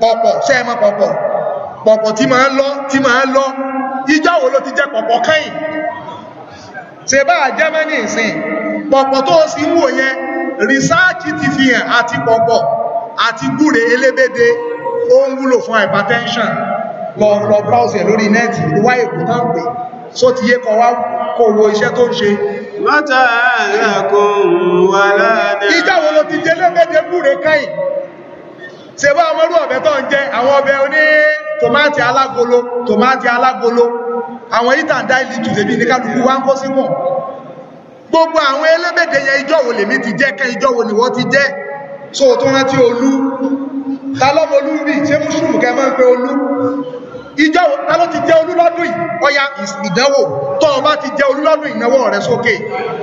pọ̀pọ̀ ṣe é pọ̀pọ̀ pọ̀pọ̀ tí máa ń lọ tí máa ń lọ ìjọ́ wo ló ti jẹ́ pọ̀pọ̀ kẹ́yìn Se ba Germany ìsìn pọ̀pọ̀ tó sì ń wò yẹn rìsáàjì ti fi hàn àti pọ̀pọ̀ àti gúre elébédé ó ń wúlò fún hypertension lọ lọ browse lórí nẹ́ẹ̀tì ìwá èkó tán pè só ti yé kọ wá kó wo iṣẹ́ tó ń ṣe ìjà wo ló ti jẹ lébédé gúre káyì ṣe bá ọmọrú ọ̀bẹ tó ń jẹ àwọn ọbẹ̀ oní tòmátì alágolo tòmátì alágolo àwọn ìtàn dá ilé jù tèmi ní kálukú wá ń kó sí wọn gbogbo àwọn elébèdè yẹn ìjọ wo lèmi ti jẹ́ kẹ́ ìjọ wo ni wọ́n ti jẹ́ so tó rántí olú ta lọ́mọ olú ń bì ṣé mùsùlùmí kẹ́ máa ń pe olú ìjọ ta ló ti jẹ́ olú lọ́dún yìí ọya ìdánwò tó o bá ti jẹ́ olú lọ́dún ìnáwó rẹ̀ sókè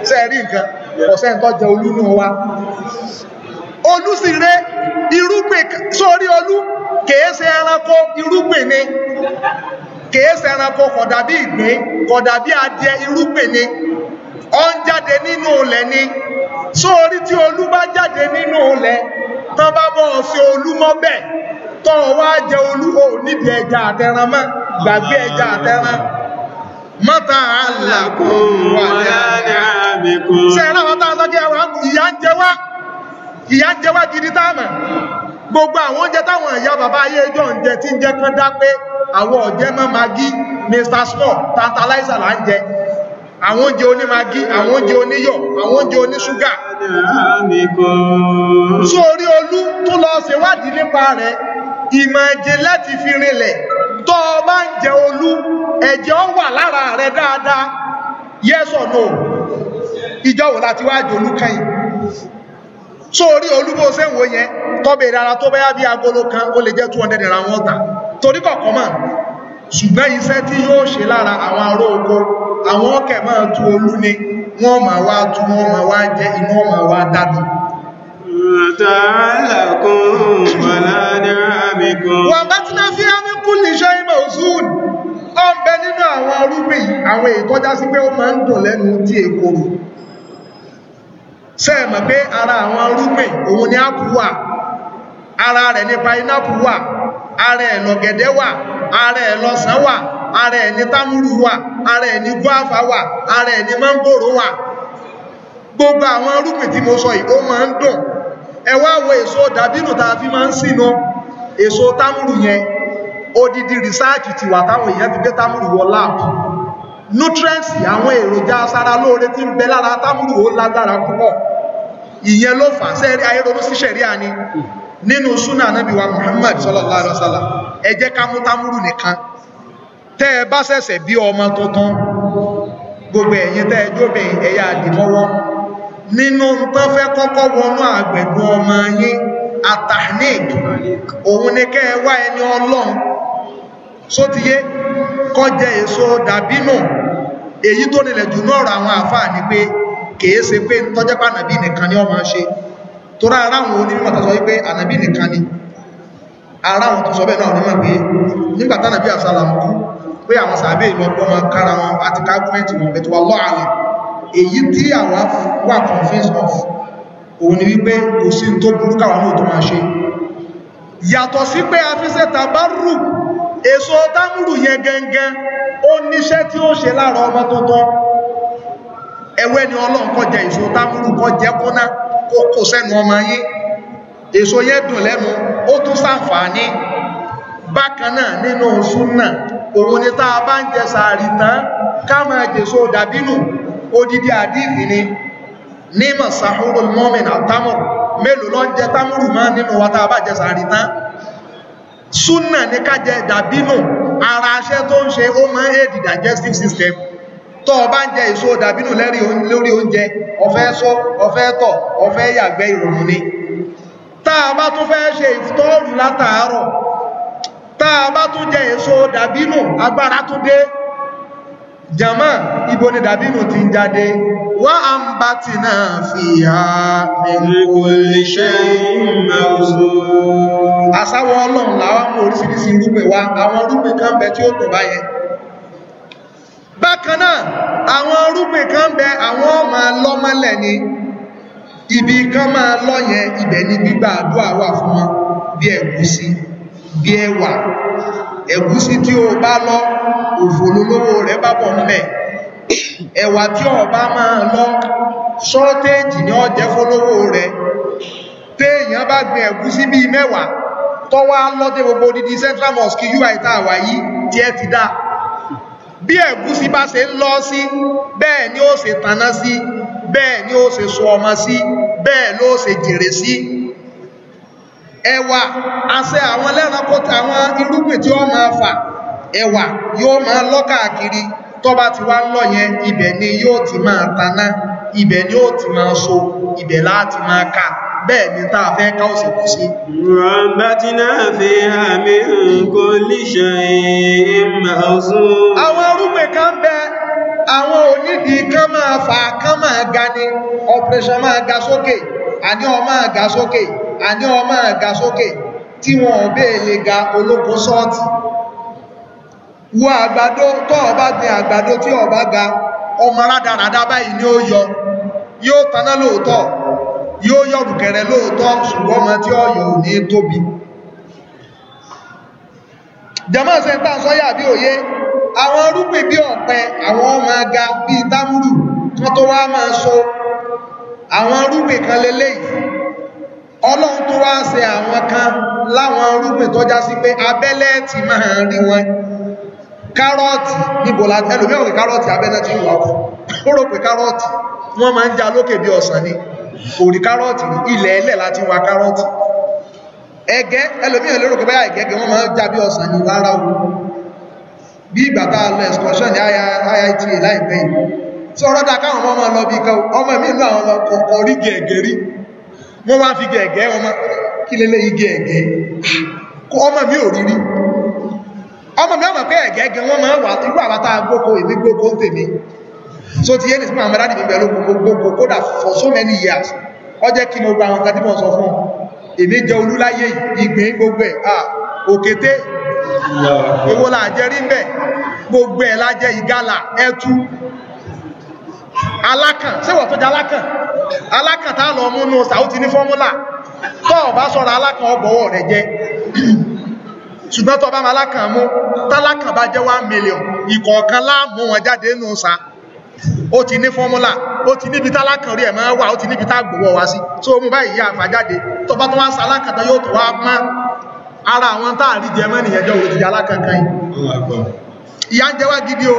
ṣe rí nǹkan ọ̀sẹ̀ ń tọ́ jẹ olú nù wa olú sì rẹ irúgbìn sórí olú kèé ṣe ẹranko irúgbìn ni kèé sẹranko kọ̀dà bí ìgbín kọ̀dà bí adìẹ irúgbìn ni ọ ń jáde nínú ilẹ̀ ni sóorí tí olú bá jáde nínú ilẹ̀ tán bá bọ́ ọ sí olú mọ́ bẹ́ẹ̀ tọ́ ọ wá jẹ olú o níbi ẹja àtẹran mọ́ gbàgbé ẹja àtẹran mọ́ta àlàkùn wà ní àmì kù. sẹ́yìn náà wọ́n tá a sọ ìyá ń jẹ wá ìyá jẹ wá gidi táàmà gbogbo àwọn oúnjẹ táwọn ìyá bàbá ayé ẹjọ́ ń jẹ tí ń jẹ kán dá pé àwọn ọ̀jẹ́ mọ́ magi mr small tantalizer là ń jẹ àwọn oúnjẹ oní magi àwọn oúnjẹ oníyọ̀ àwọn oúnjẹ oní ṣúgà sórí olú tó lọ ṣèwádìí nípa rẹ̀ ìmọ̀ ẹ̀jẹ̀ láti fi rinlẹ̀ tó o bá ń jẹ olú ẹ̀jẹ̀ ó wà lára rẹ̀ dáadáa yes or no ìjọ wò láti wá jòlú kẹ́yìn so orí olúbó sẹ́wọ̀ yẹn tọ́bẹ̀ ìdára tó bẹ́yà bí agolo kan ó lè jẹ́ 200 naira wọ́n tà torí kọ̀kọ́ mà ṣùgbọ́n iṣẹ́ tí yóò ṣe lára àwọn ará oko àwọn ọkẹ̀ máa tú olú ni wọ́n máa wá tú wọ́n máa wá jẹ inú wọ́n máa wá dàbí wọ́n bá tún náà fi amikú lè ṣe ìmọ̀ òsùn ọ̀bẹ nínú àwọn arúgbìn àwọn ètọ́já sí pé ó máa ń dùn lẹ́nu tí èkó sẹ́ẹ̀mọ̀ pé ara àwọn rúgbìn òun ni ápù wà ara rẹ̀ ní pineapple wà ara ẹ̀ lọ̀gẹ̀dẹ̀ wà ara ẹ̀ lọ́sàn wà ara ẹ̀ ní támúrù wà ara ẹ̀ ní guava wà ara ẹ̀ ní mangoro wà gbogbo àwọn rúgbìn tí mo sọ yìí ó máa ń dùn ẹ wá wo èso dàbínù tá a fi máa ń sínú èso támúrù yẹn odidi rìsáàjì tiwa táwọn èèyàn ti gbé támúrù wọ nutrients àwọn èròjà asara lóore tí ń bẹ lára támúrù ó lágbára púpọ̀ ìyẹn ló fà sẹ́rí ayéronú sí àní nínú súnà wa Muhammad sallallahu alaihi wasallam ẹ jẹ́ ká mú támúrù nìkan tẹ́ ẹ bá bí ọmọ tuntun gbogbo ẹ̀yin tẹ́ ẹ jóbe ẹ̀yà àdìmọ́wọ́ nínú fẹ́ kọ́kọ́ wọnú ọmọ yín atahnik òun ni kẹ́ ẹ kó jẹ èso dàbínù èyí tó nílẹ̀ jù náà rọ àwọn àfáà ní pé kìí ṣe pé tọ́jẹ́pá ànàbí nìkan ni ó máa ṣe tó rá aráhùn onímọ̀ tó sọ wípé ànàbí nìkan ni aráhùn tó sọ bẹ́ẹ̀ náà onímọ̀ pé nígbàtà ànàbí àsálà mú pé àwọn sàbẹ̀ ìlọ́gbọ́n máa kára wọn àti kágúmẹ́ntì wọn bẹ̀tọ̀ wọ́n lọ́àlẹ̀ èyí tí àwọn wà convince of òun ni wípé kò sí tó burú káwọn náà tó máa ṣe yàtọ̀ sí pé afíṣẹ́ tabarruk èso támúrù yẹn gangan ó níṣẹ́ tí ó ṣe lára ọmọ tó tọ́ ẹwẹ́ ni ọlọ́run kó jẹ èso támúrù kó jẹ kóná kó kò sẹ́nu ọmọ yín èso yẹn dùn lẹ́nu ó tún ṣàǹfààní bákan náà nínú súnà òun ni tá a bá ń jẹ sàárì tán ká máa jèso odidi ni nímọ̀ sàhúrò mọ́mìn àtàmọ̀ mélòó ló ń jẹ támúrù mọ́ nínú wa tá a bá jẹ sàárì tán súnà ní ká jẹ dàbínù ara aṣẹ́ tó ń ṣe ó máa ń aid digestive system tó o bá ń jẹ èso dàbínù lórí oúnjẹ ọ̀fẹ́ sọ ọ̀fẹ́ tọ̀ ọ̀fẹ́ yàgbẹ́ ìrònú ni tá a bá tún fẹ́ ṣe ìfitọ́ọ̀rù látàárọ̀ tá a bá tún jẹ èso dàbínù agbára tún dé jama ibo ni dàbínù ti ń jáde wá à ń bá ti náà fi ha mẹ́kò lè ṣe ìmọ̀ọ́sọ àsáwọ̀ ọlọ́run làwọn mú oríṣiríṣi irúgbìn wa àwọn irúgbìn kan bẹ tí ó tó báyẹn bákan náà àwọn irúgbìn kan bẹ àwọn ọmọ lọ́mọlẹ̀ ni ibi kan máa lọ yẹn ibẹ̀ ni gbígbà àdúrà wà fún wọn bí ẹ̀gúsí bí ẹ̀wà ẹ̀gúsí tí ó bá lọ òfòlólówó rẹ̀ bábọ̀ mẹ́ ẹ̀wà tí ó bá máa lọ sọ́tẹ́jì ní ọjẹ́ fólówó rẹ̀ téèyàn bá gbin ẹ̀gúsí bíi mẹ́wàá tọ́wá lọ́dẹ gbogbo odidi central mosque ui tàwà yìí tí ẹ ti dá bí ẹ̀gúsí bá ṣe ń lọ sí bẹ́ẹ̀ ni ó ṣe tanná sí bẹ́ẹ̀ ni ó ṣe sọ ọmọ sí bẹ́ẹ̀ ló ṣe jèrè sí ẹ̀wà àṣẹ àwọn lẹ́ranko àwọn irúgbìn tí ó máa fà ẹ̀wà yóò máa lọ́ káàkiri tó bá ti wá ń lọ yẹn ibẹ̀ ni yóò ti máa taná ibẹ̀ ni yóò ti máa so ibẹ̀ láti máa ká bẹ́ẹ̀ ni tá a fẹ́ ká ó sì kú sí. Rọ̀bátínà fi Àwọn onídìí kan máa fà kan máa ga ni ọ̀pẹ̀ṣẹ̀ máa ga sókè àní ọ máa ga sókè àní ọmọ ga sókè tí wọn ò bẹ́ẹ̀ lè ga ológun sọ́ọ̀tì wo àgbàdo tó ọba gbin àgbàdo tí ọba ga ọmọ rádaràdá báyìí ni ó yọ yóò taná lóòótọ́ yóò yọ rùkẹ̀rẹ̀ lóòótọ́ ṣùgbọ́n ọmọ tí ó yọ ò ní tóbi jẹmọ́ ṣe tán sọ́yà bí òye àwọn rúgbìn bí ọ̀pẹ àwọn ọmọ ga bí támúrù kan tó wá máa so àwọn rúgbìn kan lélẹ́yìí ọlọ́run tó wá ṣe àwọn kan láwọn irúgbìn tó já sí pé abẹ́lẹ̀ ti máa ń rí wọn kárọ́ọ̀tì níbo la ẹlòmí òkè kárọ́ọ̀tì abẹ́lẹ̀ ti wà fún ó rò pé kárọ́ọ̀tì wọ́n máa ń já lókè bí ọ̀sán ni kò rí kárọ́ọ̀tì ní ilẹ̀ ẹlẹ̀ láti wa kárọ́ọ̀tì ẹ̀gẹ́ ẹlòmí òkè lérò pé báyà ẹ̀gẹ́gẹ́ wọ́n máa ń já bí ọ̀sán ni rárá o bí ìgbà tá a lọ excursion ní IITA láìpẹ́ yìí tí ọ̀rọ̀ dá káwọn ọmọ lọ bí ọmọ mi ìlú àwọn ọkọ̀ orí gẹ̀ẹ́gẹ̀rí wọ́n wá fi gẹ̀ẹ̀gẹ́ ọmọ kí lélẹ́ igi ẹ̀gẹ́ kó ah, ọmọ mi ò rírí ọmọ mi ọmọ pé ẹ̀gẹ́ gẹ wọ́n máa wà irú àwátá gbóko èmi gbóko ń tèmi so ti yé ní sípò àmàlà for so many years ọ jẹ́ kí mo gba àwọn kan tí mo sọ fún èmi jẹ olúláyé ìgbín gbogbo ẹ̀ ah, òkété owó làjẹ́ rí ń bẹ̀ gbogbo ẹ̀ lájẹ́ ìgalà ẹ̀tú alákàn síwọ̀ tó jẹ́ alákàn alákàn tá lọ múnú sàútì ní fọ́múlà tó bá sọ́ra alákàn ọgbọ̀wọ̀ rẹ̀ jẹ́ ṣùgbọ́n tó bá ma alákàn mú tálákàn bá jẹ́ 1 million ìkọ̀ọ̀kan láàmú wọn jáde nù sa ó ti ní fọ́múlà ó ti níbi tálákàn rí ẹ̀ máa wà ó ti níbi tágbòwọ̀ wá sí tó mú báyìí yá àfà jáde tó bá tó wá sa alákàn tó yóò tó wá pán ara àwọn táàrí jẹ mọ́ nìyẹn jọ òjì alákàn kan yìí ìyá ń jẹ wá gidi o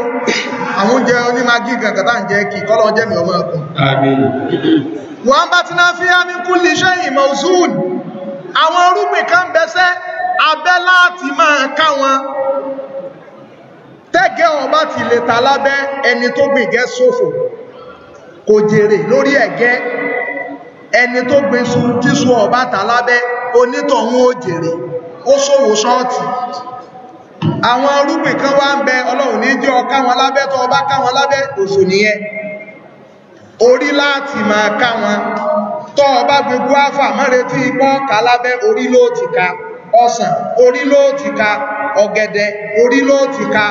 àwọn oúnjẹ onímagí gàgà bá ń jẹ kí kọ́lọ́ jẹ́ mi ọmọ ẹ̀kọ́ wọ́n bá ti náà fi ámì kú lè ṣe ìmọ̀ zoon àwọn orúgbìn kan bẹ́sẹ́ abẹ́ láti máa ká wọn tẹ́gẹ́ ọba ti lè ta lábẹ́ ẹni tó gbìn gẹ́ ṣòfò kò jèrè lórí ẹ̀gẹ́ ẹni tó gbìn tíṣu ọba ta lábẹ́ onítọ̀hún ó jèrè ó ṣòwò ṣọ́ọ̀tì àwọn irúgbìn kan wá ń bẹ ọlọ́run ní jẹ́ ọká wọn lábẹ́ tó ọba ká wọn lábẹ́ òṣò nìyẹn orí láti máa ká wọn tó ọba gbogbo àfà mọ́retí ipọ́ ká lábẹ́ orí ló ti ka ọsàn orí ló ti ka ọ̀gẹ̀dẹ̀ orí ló ti ka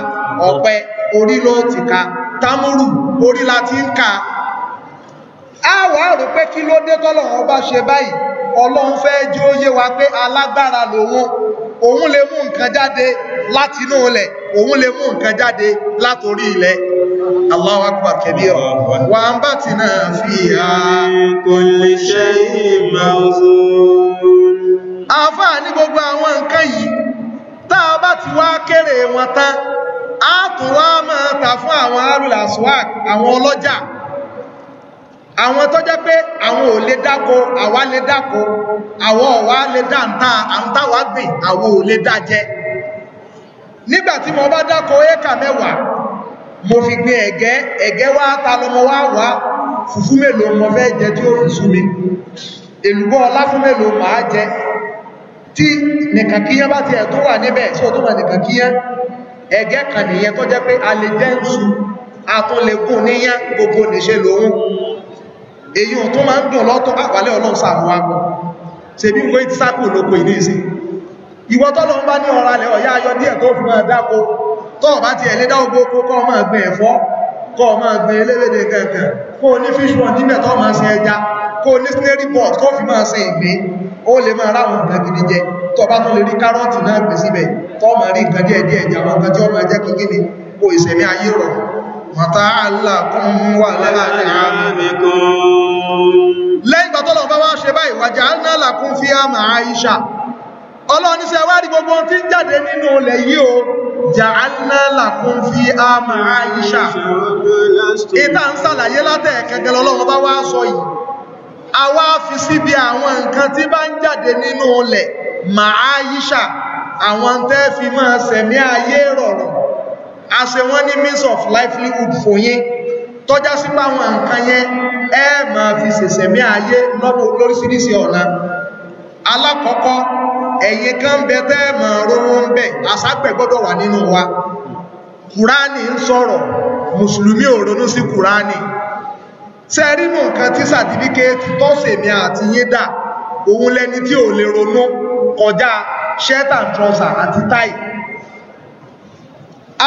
ọ̀pẹ orí ló ti ka támúrù orí láti ń ka a wá rò pé kí ló dé tọ́lọ́run ọba ṣe báyìí ọlọ́run fẹ́ jẹ́ ó yé wa pé alágbára lòun òun lè mú nǹkan jáde láti inú ilẹ̀ òun lè mú nǹkan jáde látorí ilẹ̀ Allahu akbar kabira wa ambatina fiha kulli shay'in mawzun àfáà ní gbogbo àwọn nǹkan yìí tá a bá ti wá kéré wọn tán á tún wá máa tà fún àwọn arúlàsùwàk àwọn ọlọ́jà àwọn tó jẹ́ pé àwọn ò lè dáko àwa lè dáko àwọ ọ̀wá lè dá ǹtà àǹtàwà gbìn àwọ ò lè dá jẹ nígbà tí mo bá dáko éka mẹ́wàá mo fi gbin ẹ̀gẹ́ ẹ̀gẹ́ wá ta wá wá fùfú mélòó mo fẹ́ jẹ tí ó fi sú mi èlùbọ́ ọlá fún mélòó màá jẹ tí nìkàkíyán bá ti ẹ̀tún wà níbẹ̀ tí ó tó wà nìkàkíyán ẹ̀gẹ́ kan nìyẹn tó jẹ́ pé a lè jẹ́ ń su a tún gbogbo nìṣe lòun èyí ò tó máa ń dùn lọ́tọ̀ àwàlẹ́ ọlọ́run sàmù wapọ̀ ṣe bí wọ́n ti sápò lóko ìdí sí ìwọ tọ́lọ ń bá ní ọ̀rọ̀ alẹ́ ọ̀yá ayọ̀ díẹ̀ tó fi máa dáko tọ́ ọ̀bá ti ẹ̀lẹ́dá ogbó kó kọ́ ọmọ ẹgbẹ́ ẹ̀fọ́ kọ́ ọmọ ẹgbẹ́ eléwédé kankan kó o ní fish pond níbẹ̀ tó máa sin ẹja kó o ní slary board tó fi máa sin ìgbín ó lè máa ráwọn nǹkan gidi jẹ tó bá tún lè rí kárọ̀tì náà gbé síbẹ̀ tó máa rí nǹkan díẹ̀ díẹ̀ jẹ àwọn nǹkan tí ó máa jẹ́ kíkíni kó ìsẹ̀mí ayé rọrùn mọ̀tàá aláàkún wà láàrín lẹ́yìn tọ́lọ̀ bá wá ṣe báyìí wàjá náà làkún fi àmà àìṣà ọlọ́ni ṣe wá rí gbogbo tí ń jáde nínú ilẹ̀ yìí o jà náà làkún fi àmà àìṣà ìta ń sàlàyé látẹ̀ẹ̀kẹ́gẹ́ lọ́lọ́wọ́ bá wá sọ yìí a wá fi síbi àwọn nǹkan tí bá ń jáde nínú ilẹ̀ mà àìṣà àwọn tẹ́ fi máa sẹ̀mí ayé rọ̀rọ̀ àṣẹ wọ́n ní means of livelihood fún yín tọ́já sí páwọn nǹkan yẹn ẹ máa fi ṣẹ̀ṣẹ̀mí ayé lọ́nà lóríṣiríṣi ọ̀nà alákọ̀ọ́kọ́ ẹ̀yin kan bẹ tẹ́ máa rówó ń bẹ̀ àṣàgbẹ̀ gbọ́dọ̀ wà nínú wa kùránì ń sọ̀rọ̀ mùsùlùmí ò ronú sí kùránì ṣe rí mọ̀ nǹkan tí sàtífíkẹ́ẹ̀tì tọ́sẹ̀mí àti yín dà òun lẹni tí ò lè ronú kọjá shirt and trouser àti tie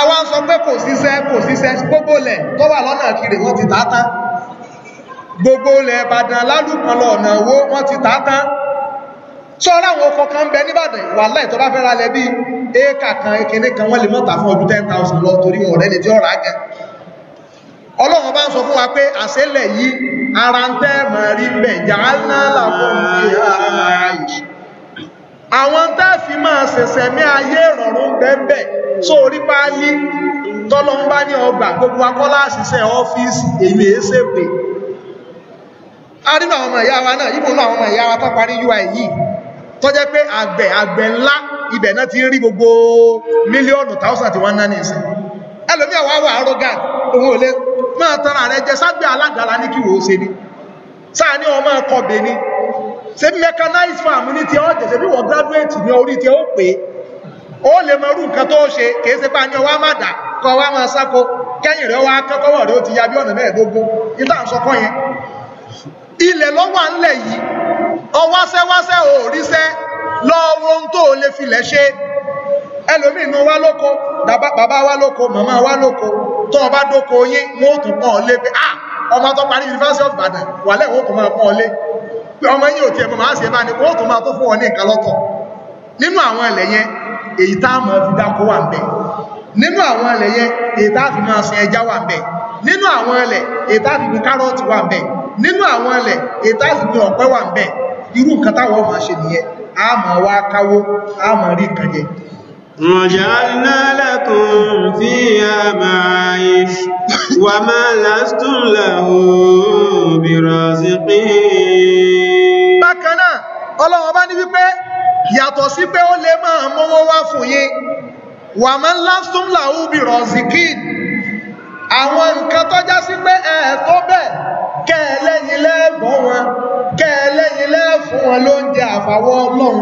àwa ń sọ pé kò síṣẹ́ kò síṣẹ́ gbogbo lẹ̀ tó wà lọ́nà kiri wọ́n ti tàátá gbogbo lẹ̀ ìbàdàn lálùpọ̀lọ̀ ọ̀nà owó wọ́n ti tàátá sọ́ra àwọn ọkọ̀ kan bẹ níbàdàn wàláhì tó bá fẹ́ ralẹ̀ bí éèkà kan ìkíní kan wọ́n lè mọ́ta fún ọdún 10,000 lọ torí wọn ọ̀rẹ́ ni tí ọ̀rà gẹ ọlọ́run bá ń sọ fún wa pé àṣẹlẹ̀ yìí ara ń tẹ́ mọ̀ rí bẹ̀ jà á ná làwọn ọ̀rẹ́ àwọn tẹ́ fi máa ṣẹ̀ṣẹ̀ ayé ìrọ̀rùn bẹ́ẹ̀bẹ́ só orí páálí tọ́lọ́ ní ọgbà gbogbo akọ́lá àṣìṣẹ́ ọ́fíìsì èyí èéṣe pé a rí àwọn ọmọ ìyá wa náà ibò náà àwọn ọmọ ìyá wa UI yìí e. tó jẹ́ pé àgbẹ̀ àgbẹ̀ ńlá ibẹ̀ náà gbogbo mílíọ̀nù táwùsàn tí wọ́n ná ní ìsìn ẹlòmíà wà wà òun ò lè máa jẹ ní ṣe mechanized farm ní tí ó jẹ̀ṣẹ̀ bí wọ́n graduate ní orí tí ó pé ó lè mọ nǹkan tó ṣe kìí ṣe pàní ọwá má dà kọ wá máa sáko kẹ́yìn rẹ̀ wá kẹ́kọ́wọ̀ rẹ̀ ó ti ya bí ọ̀nà mẹ́ẹ̀ẹ́dógún ìta ń sọkọ́ yẹn ilẹ̀ lọ́wọ́ ńlẹ̀ yìí ọwáṣẹ́wáṣẹ́ ò ríṣẹ́ lọ́wọ́ ohun tó lè filẹ̀ ṣe ẹlòmínú wá lóko bàbá wá lóko màmá wá lóko tó ọba dóko yín wọ́n ó tún pọ̀ lé pé ah ọmọ tó parí University of Ibadan wà lẹ́wọ̀n ó máa pọ̀ lé ọmọ yìí ò tiẹ̀ mọ̀ máa ṣe máa ní wọ́n tó máa tó fún wọn ní nǹkan lọ́tọ̀ nínú àwọn ilẹ̀ èyí tá máa fi dáko wà ń bẹ̀ nínú àwọn ilẹ̀ èyí tá fi máa sun ẹja wà ń bẹ̀ nínú àwọn ilẹ̀ èyí tá fi gbin kárọ̀tì wà ń bẹ̀ nínú àwọn وجعلنا لكم فيها معايش وما لستم له برازقين bákan náà Ọlọ́run bá ní wípé yàtọ̀ sí pé ó lè máa mówó wá fún yín wàmá lásùn làwù bí rọ̀sìkìn àwọn nǹkan tó já sí pé ẹ̀ẹ̀tọ́ bẹ́ẹ̀ kẹ́ẹ̀lẹ́yìn lẹ́ẹ̀bọ̀ wọn kẹ́ẹ̀lẹ́yìn lẹ́ẹ̀fún wọn àfàwọ́ Ọlọ́run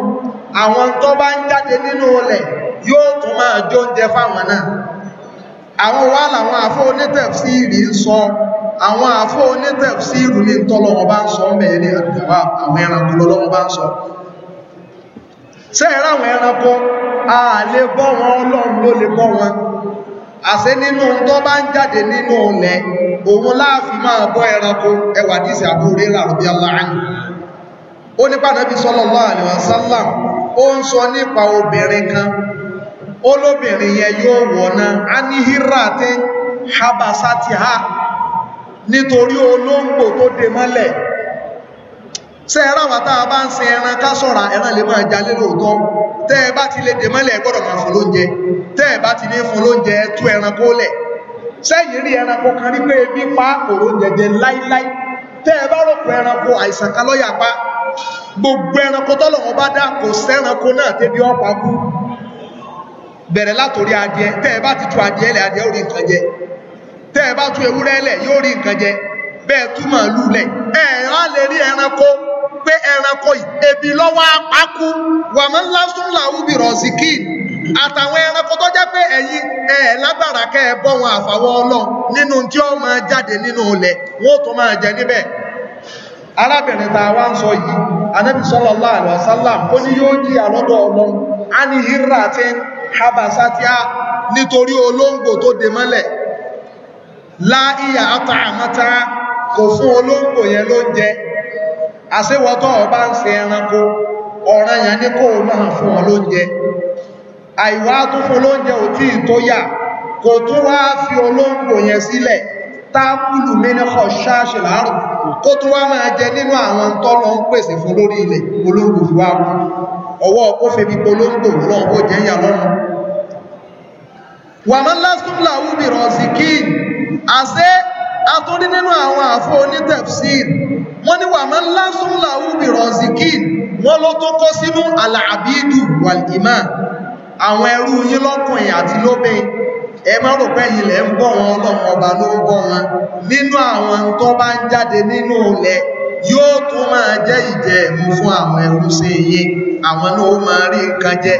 àwọn tó bá ń jáde nínú ilẹ̀ yóò tún máa jó oúnjẹ fáwọn náà àwọn wá làwọn àfó onítẹ̀fsíìrì ń sọ àwọn afọ onítẹ̀fsíìrì ní tọ́lọ́wọ́ bá ń sọ mẹ́rin ní àdìgbà àwọn ẹranko lọ́wọ́ bá ń sọ sẹ́ẹ̀rẹ́ àwọn ẹranko a lè bọ́ wọn ọlọ́run ló lè bọ́ wọn àṣẹ nínú tó bá ń jáde nínú ilẹ̀ òun láàfin máa bọ́ ẹranko ẹwà àbúrẹ́ ó nípa nàbí sallallahu alaihi wasallam ó ń sọ nípa obìnrin kan olóbìnrin yẹn yóò wọ̀ná a ní hírà tí habasa ti ha nítorí olóńgbò tó dé mọ́lẹ̀ ṣe ráwà táa bá ń sin ẹran ká sọ̀ra ẹran lè máa jalé lóòótọ́ tẹ́ ẹ bá ti lè dé mọ́lẹ̀ gbọ́dọ̀ máa fún lóúnjẹ tẹ́ ẹ bá ti ní fún lóúnjẹ tú ẹran kó lẹ̀ sẹ́yìn rí ẹranko kan rí pé ebi pa kòrò jẹjẹ láíláí tẹ́ ẹ bá rò pé ẹranko àìsàn kan lọ́yà pa gbogbo ẹranko tọ́lọ́wọ́ bá dá kò sẹ́ranko náà tẹ́bi ọ̀pá kú bẹ̀rẹ̀ látòrí adìẹ tẹ́ ẹ bá ti tu adìẹ lẹ̀ adìẹ ó rí nǹkan jẹ tẹ́ ẹ bá tu ewúrẹ́ lẹ̀ yóò rí nǹkan jẹ bẹ́ẹ̀ tú màálù ẹ̀ á lè rí ẹranko pé ẹranko yìí ebi lọ́wọ́ apá kú wàmọ́ ńlá rọ̀ sí kíì àtàwọn ẹranko tó jẹ́ pé ẹ̀yin ẹ̀ lágbára kẹ́ ẹ bọ́ wọn àfàwọ́ nínú tí ó máa jáde nínú ilẹ̀ wọ́n tó máa jẹ níbẹ̀ arábìnrin ta wá ń sọ yìí anábì sallallahu alaihi ó ní yóò jí àlọ́dọ̀ a ní hírà tí ń habasa a nítorí olóńgbò tó mọ́lẹ̀ láìyà ata àmọ́ta kò ọba ń ẹranko ní fún àìwá tó fún olóúnjẹ ò tí tó yà kò tó wá fi olóńgbò yẹn sílẹ̀ tákùlù mẹ́nẹ́kọ̀ ṣáṣẹ̀ láàrùn kó tó wá máa jẹ nínú àwọn tọ́lọ ń pèsè fún lórí ilẹ̀ olóńgbò fi wá kú ọwọ́ ó febi polóńgbò lọ́n ó jẹ́ ìyà lọ́rùn wà mọ́ lásùn làwú bìrọ̀ sí kí àṣẹ atúndí nínú àwọn wọ́n ló tó kọ́ sínú àlàábídù wàlìmáà àwọn ẹrú yín lọ́kùnrin àti lóbìn ẹ má rò pé ilẹ̀ ń bọ̀ wọn ọlọ́run ọba ló ń bọ̀ wọn nínú àwọn tó bá ń jáde nínú ilẹ̀ yóò tó máa jẹ́ ìjẹ ẹ̀mú fún àwọn ẹrú sí iye àwọn náà máa rí nǹkan jẹ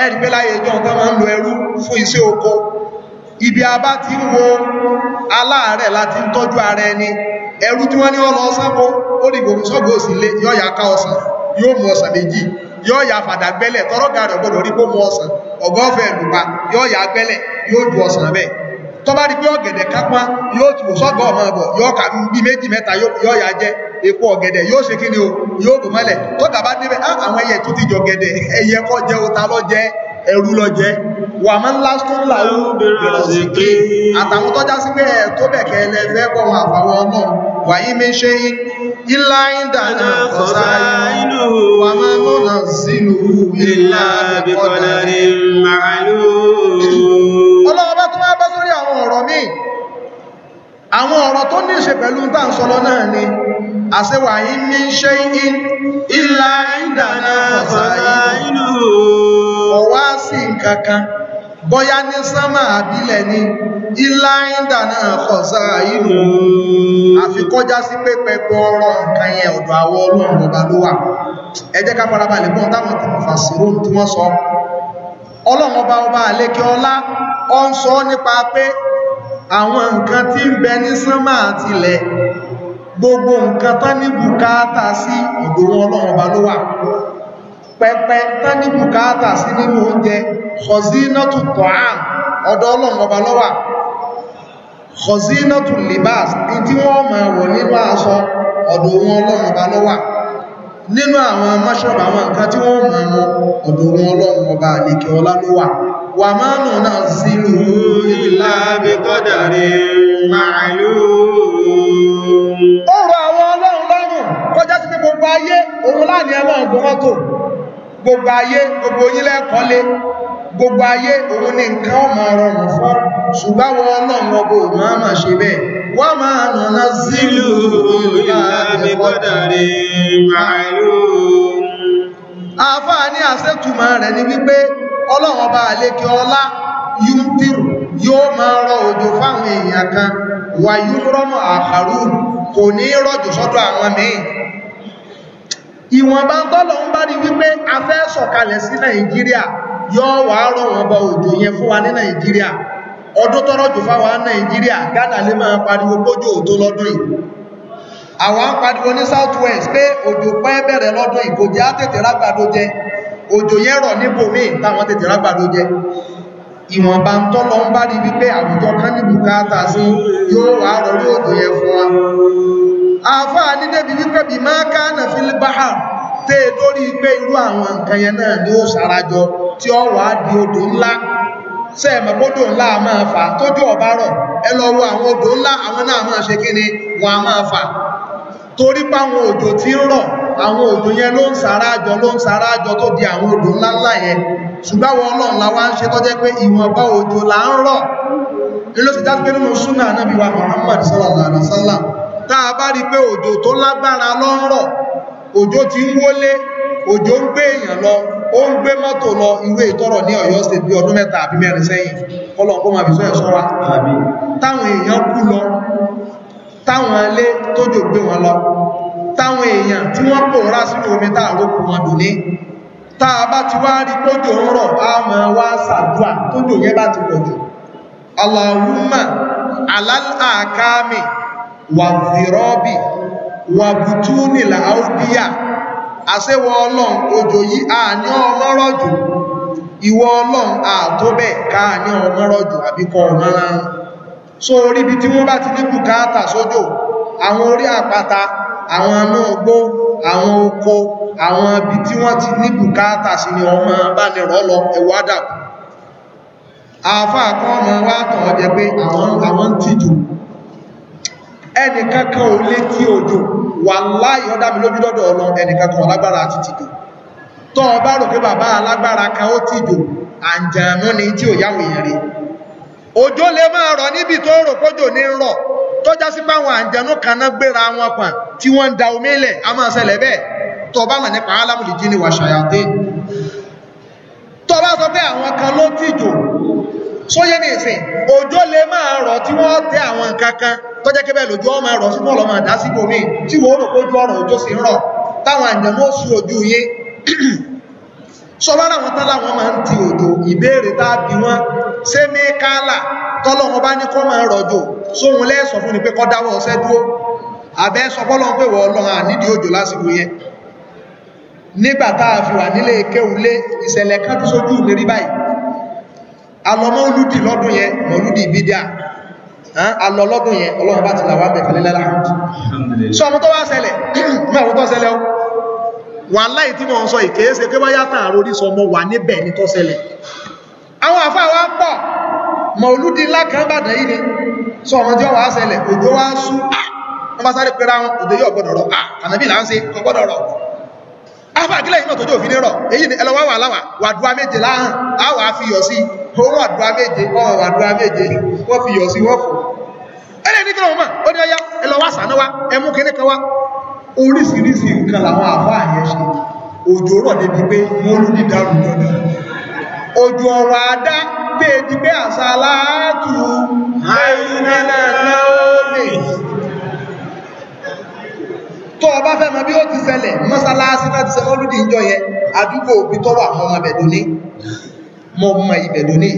ẹ̀rí pé láyé ìjọ tó máa ń lo ẹrú fún iṣẹ́ oko ibi a bá ti ń wo aláàárẹ̀ láti ń tọ́jú ara ẹni ẹrú tí wọ́n ní ọlọ́ sábó ó dìgbò sọ́gbó òsì lé yọ́ ya ká ọsàn yóò mú ọsàn méjì yóò ya fàdà gbẹ́lẹ̀ tọ́rọ́gà rẹ̀ gbọ́dọ̀ rí bó mu ọsàn ọgọ́fẹ́ ẹ̀lùpá yóò ya gbẹ́lẹ̀ yóò ju ọsàn bẹ́ẹ̀ tó bá rí pé ọ̀gẹ̀dẹ̀ kápá yóò tù sọ́gọ̀ ọmọ ọbọ̀ yóò kà bí méjì mẹ́ta yóò ya jẹ epo ọgẹdẹ yóò ṣe kí ni o yóò dùn mọ́lẹ̀ tó dàbá débẹ̀ ah, àwọn ẹyẹ tó ti jọ gẹ̀dẹ̀ ẹyẹ kọ́ jẹ́ o ta lọ jẹ́ ẹrú lọ jẹ́ wà máa ń lásán láwọ́ ìrọ̀sìnkí àtàwọn tọ́já sí pé ẹ̀ bẹ̀kẹ́ ẹlẹ́ fẹ́ wọn àfàwọ̀ ọmọ wàyí mi ṣe ilá ìdáná ọ̀sá inú wà máa mọ́nà sínú ilá àbíkọ́lá màálù ọlọ́wọ́ tó máa bá sórí àwọn ọ̀rọ̀ míì àwọn ọ̀rọ̀ tó ní ṣe pẹ̀lú tàà àṣẹwà yìí ní ṣe ilá ìdáná ọ̀sá inú wá sí nǹkan kan bọ́yá ní sánmà àbílẹ̀ ni ilá ìdà náà kọ̀ sára ìlú àfikọ́já sí pépẹ pọ́ọ̀rọ̀ nǹkan yẹn ọ̀dọ̀ àwọ̀ ọlọ́run ọba ló wà ẹ jẹ́ ká farabalẹ̀ gbọ́n táwọn tó fà sí róòmù tí wọ́n sọ ọlọ́run ọba ọba àlékè ọlá ọ ń sọ nípa pé àwọn nǹkan tí ń bẹ ní sánmà àtilẹ̀ gbogbo nǹkan tán ní bùkátà sí ọ̀dọ̀ ọlọ́run ọba ló wà pẹpẹ tání bùkátà sí nínú oúnjẹ kọzínátù tọ́án ọ̀dọ̀ ọlọ́run lọ́wà kọzínátù libas ní tí wọ́n máa wọ̀ nínú aṣọ ọ̀dọ̀ wọn ọlọ́run lọ́wà nínú àwọn mọ́ṣọ́bà àwọn nǹkan tí wọ́n máa mọ ọ̀dọ̀ wọn ọlọ́run lọ́wà gbogbo ayé òun láàrin ẹwọ́n ọgbọ́n tó gbogbo ayé gbogbo yín lẹ́kọ́lé gbogbo ayé òun ni nǹkan ọ máa rọrùn fún ṣùgbáwọ ọlọ́run ọgbọ̀ máa máa ṣe bẹ́ẹ̀ wọ́n máa nàná sílù ìlàmìkọ́dàrí màálù àfáà ní àṣẹ́tùmọ̀ rẹ̀ ní wípé ọlọ́run ọba àlékẹ́ ọlá yúntìrù yóò máa rọ òjò fáwọn èèyàn kan wà yúrọ́mọ̀ àkàrù kò ní rọ̀jò sọ́dọ̀ àwọn mìíràn ìwọ̀nba tọ́lọ̀ ń bá ní wípé a fẹ́ sọ̀kalẹ̀ sí nàìjíríà yóò wà rọ̀ wọn bọ òjò yẹn fún wa ní nàìjíríà ọdún tọ́rọ̀ jù fáwa nàìjíríà Ghana lè máa pariwo pójò tó lọ́dún yìí àwọn ń ní South West pé òjò pẹ́ bẹ̀rẹ̀ lọ́dún ìgòjì á tètè rágbàdo jẹ òjò yẹn rọ̀ níbòmíì táwọn tètè rágbàdo jẹ ìwọ̀nba ń tọ́lọ ń bá di wípé àwùjọ kan ní bùkátà sí yóò wà rọrí òjò yẹn fún wa àfáà ní débi wípé bí máa ká náà fi lè báhà lórí pé irú àwọn nǹkan yẹn náà ó sarajọ tí ó wà di odò ńlá a máa fà tójú ọ̀bá ẹ lọ àwọn odò ńlá àwọn náà máa ṣe wọn a máa fà torí páwọn òjò tí ń rọ̀ àwọn òjò yẹn ló ń sàrájọ ló ń sàrájọ tó di àwọn òjò ńláńlá yẹn ṣùgbáwọ ọlọ́run la wá ń ṣe tọ́jẹ́ pé ìwọ̀nba òjò là ń rọ̀ ilé sì dájú pé nínú súnà Ànábì wa Muhammad sallallahu alaihi wasallam tá a bá rí pé òjò tó lágbára ló ń rọ̀ òjò ti ń wólé òjò ń gbé èèyàn lọ ó ń gbé mọ́tò lọ ìwé ìtọ́rọ̀ ní Ọ̀yọ́ state bí ọdún mẹ́ta àbí mẹ́rin sẹ́yìn kọ́lọ̀ kó máa fi sọ ẹ̀ṣọ́ wa táwọn èèyàn kú lọ táwọn ilé tójò gbé wọn lọ táwọn èèyàn tí wọ́n pòórá sínú omi táàrò kù wọn dùn ní táa bá ti wá rí tójò ń rọ̀ á mọ̀ wá sàdúà tójò yẹn bá ti pọ̀ jù Allahumma alálàkámi wà zìrọ́bì wà bùtúnì làáúdíyà àṣẹwọ ọlọ́run òjò yìí àní ọmọ́rọ̀ jù ìwọ ọlọ́run àtóbẹ̀ káà ní ọmọ́rọ̀ jù àbíkọ ọmọ́rán so orí ibi tí wọ́n bá ti ní bùkátà sójò àwọn orí àpáta àwọn anúgbó àwọn oko àwọn ibi tí wọ́n ti ní bùkátà sí ni ọmọ bá ní rọ́lọ ẹwádà àfáà kan ọmọ wá tàn jẹ pé àwọn ń tìjú ẹnìkankan ò lé tí òjò wà láì ọdá mi lójú lọ́dọ̀ ọlọ ẹnìkankan ò àti tìjò tọ́ ọ bá rò pé bàbá alágbára kan ó tìjò àǹjànú ni tí ò yáwó èèyàn òjò lè máa rọ níbi tó rò pójò ní rọ tó já sí kaná gbéra wọn pa tí wọ́n ń da omi a máa ṣẹlẹ̀ bẹ́ẹ̀ tó bá nípa alámùlì ni wà ṣàyàté tó bá sọ pé àwọn kan ló tìjò ní ìsìn òjò tí wọ́n tẹ àwọn tó lójú ọmọ rọ sí máa dá tí rò sọ́wọ́rọ̀ àwọn tọ́lá wọn máa ń ti òjò ìbéèrè tàbí wọn ṣé mẹ́kálà tọ́lọ̀ wọn bá ní kọ́ máa rọ̀jò sóhun lẹ́ẹ̀sọ̀ fún ni pé kọ́ dáwọ́ ọ̀sẹ́ dúró àbẹ́ sọ fọ́lọ́ pé wọ́n lọ́hàn nídìí òjò lásìkò yẹn nígbà tá a fi wà nílé kéwulé ìṣẹ̀lẹ̀ kan tó sójú mi rí báyìí alọ́mọ́ olùdí lọ́dún yẹn mọ̀lúdí ìbídíà alọ́ lọ́dún yẹn ọlọ́run bá ti làwọn abẹ́fẹ́lẹ́lẹ́lá sọ wàláhì tí mo ń sọ ìkéése pé wáyá tàn àrò orí sọmọ wà níbẹ̀ ní tó ṣẹlẹ̀ àwọn àfáà wá pọ̀ mọ̀lúdí lákan bàdàn yìí ni sọ ọmọ tí ó wà ṣẹlẹ̀ òjò wá sú wọ́n bá sáré pẹ́ra wọn òjò yóò gbọ́dọ̀ rọ̀ ànàbí là ń ṣe kò gbọ́dọ̀ rọ̀ afa àkílẹ̀ yìí náà tó jẹ́ òfin rọ̀ èyí ni oríṣiríṣi nǹkan làwọn àfáà yẹn ṣe òjò rọ̀ débi pé wọ́n ló ní dárú lọ́nà òjò ọ̀rọ̀ adá pé di pé àṣà aláàtù tó o bá fẹ́ mọ̀ bí ó ti ṣẹlẹ̀ mọ́sálásí náà ti ṣẹlẹ̀ olùdí ìjọ yẹn àdúgbò òbí tó wà mọ́ ọmọbẹ̀dọ́ ní mọ́ ọmọ ìbẹ̀dọ́ ní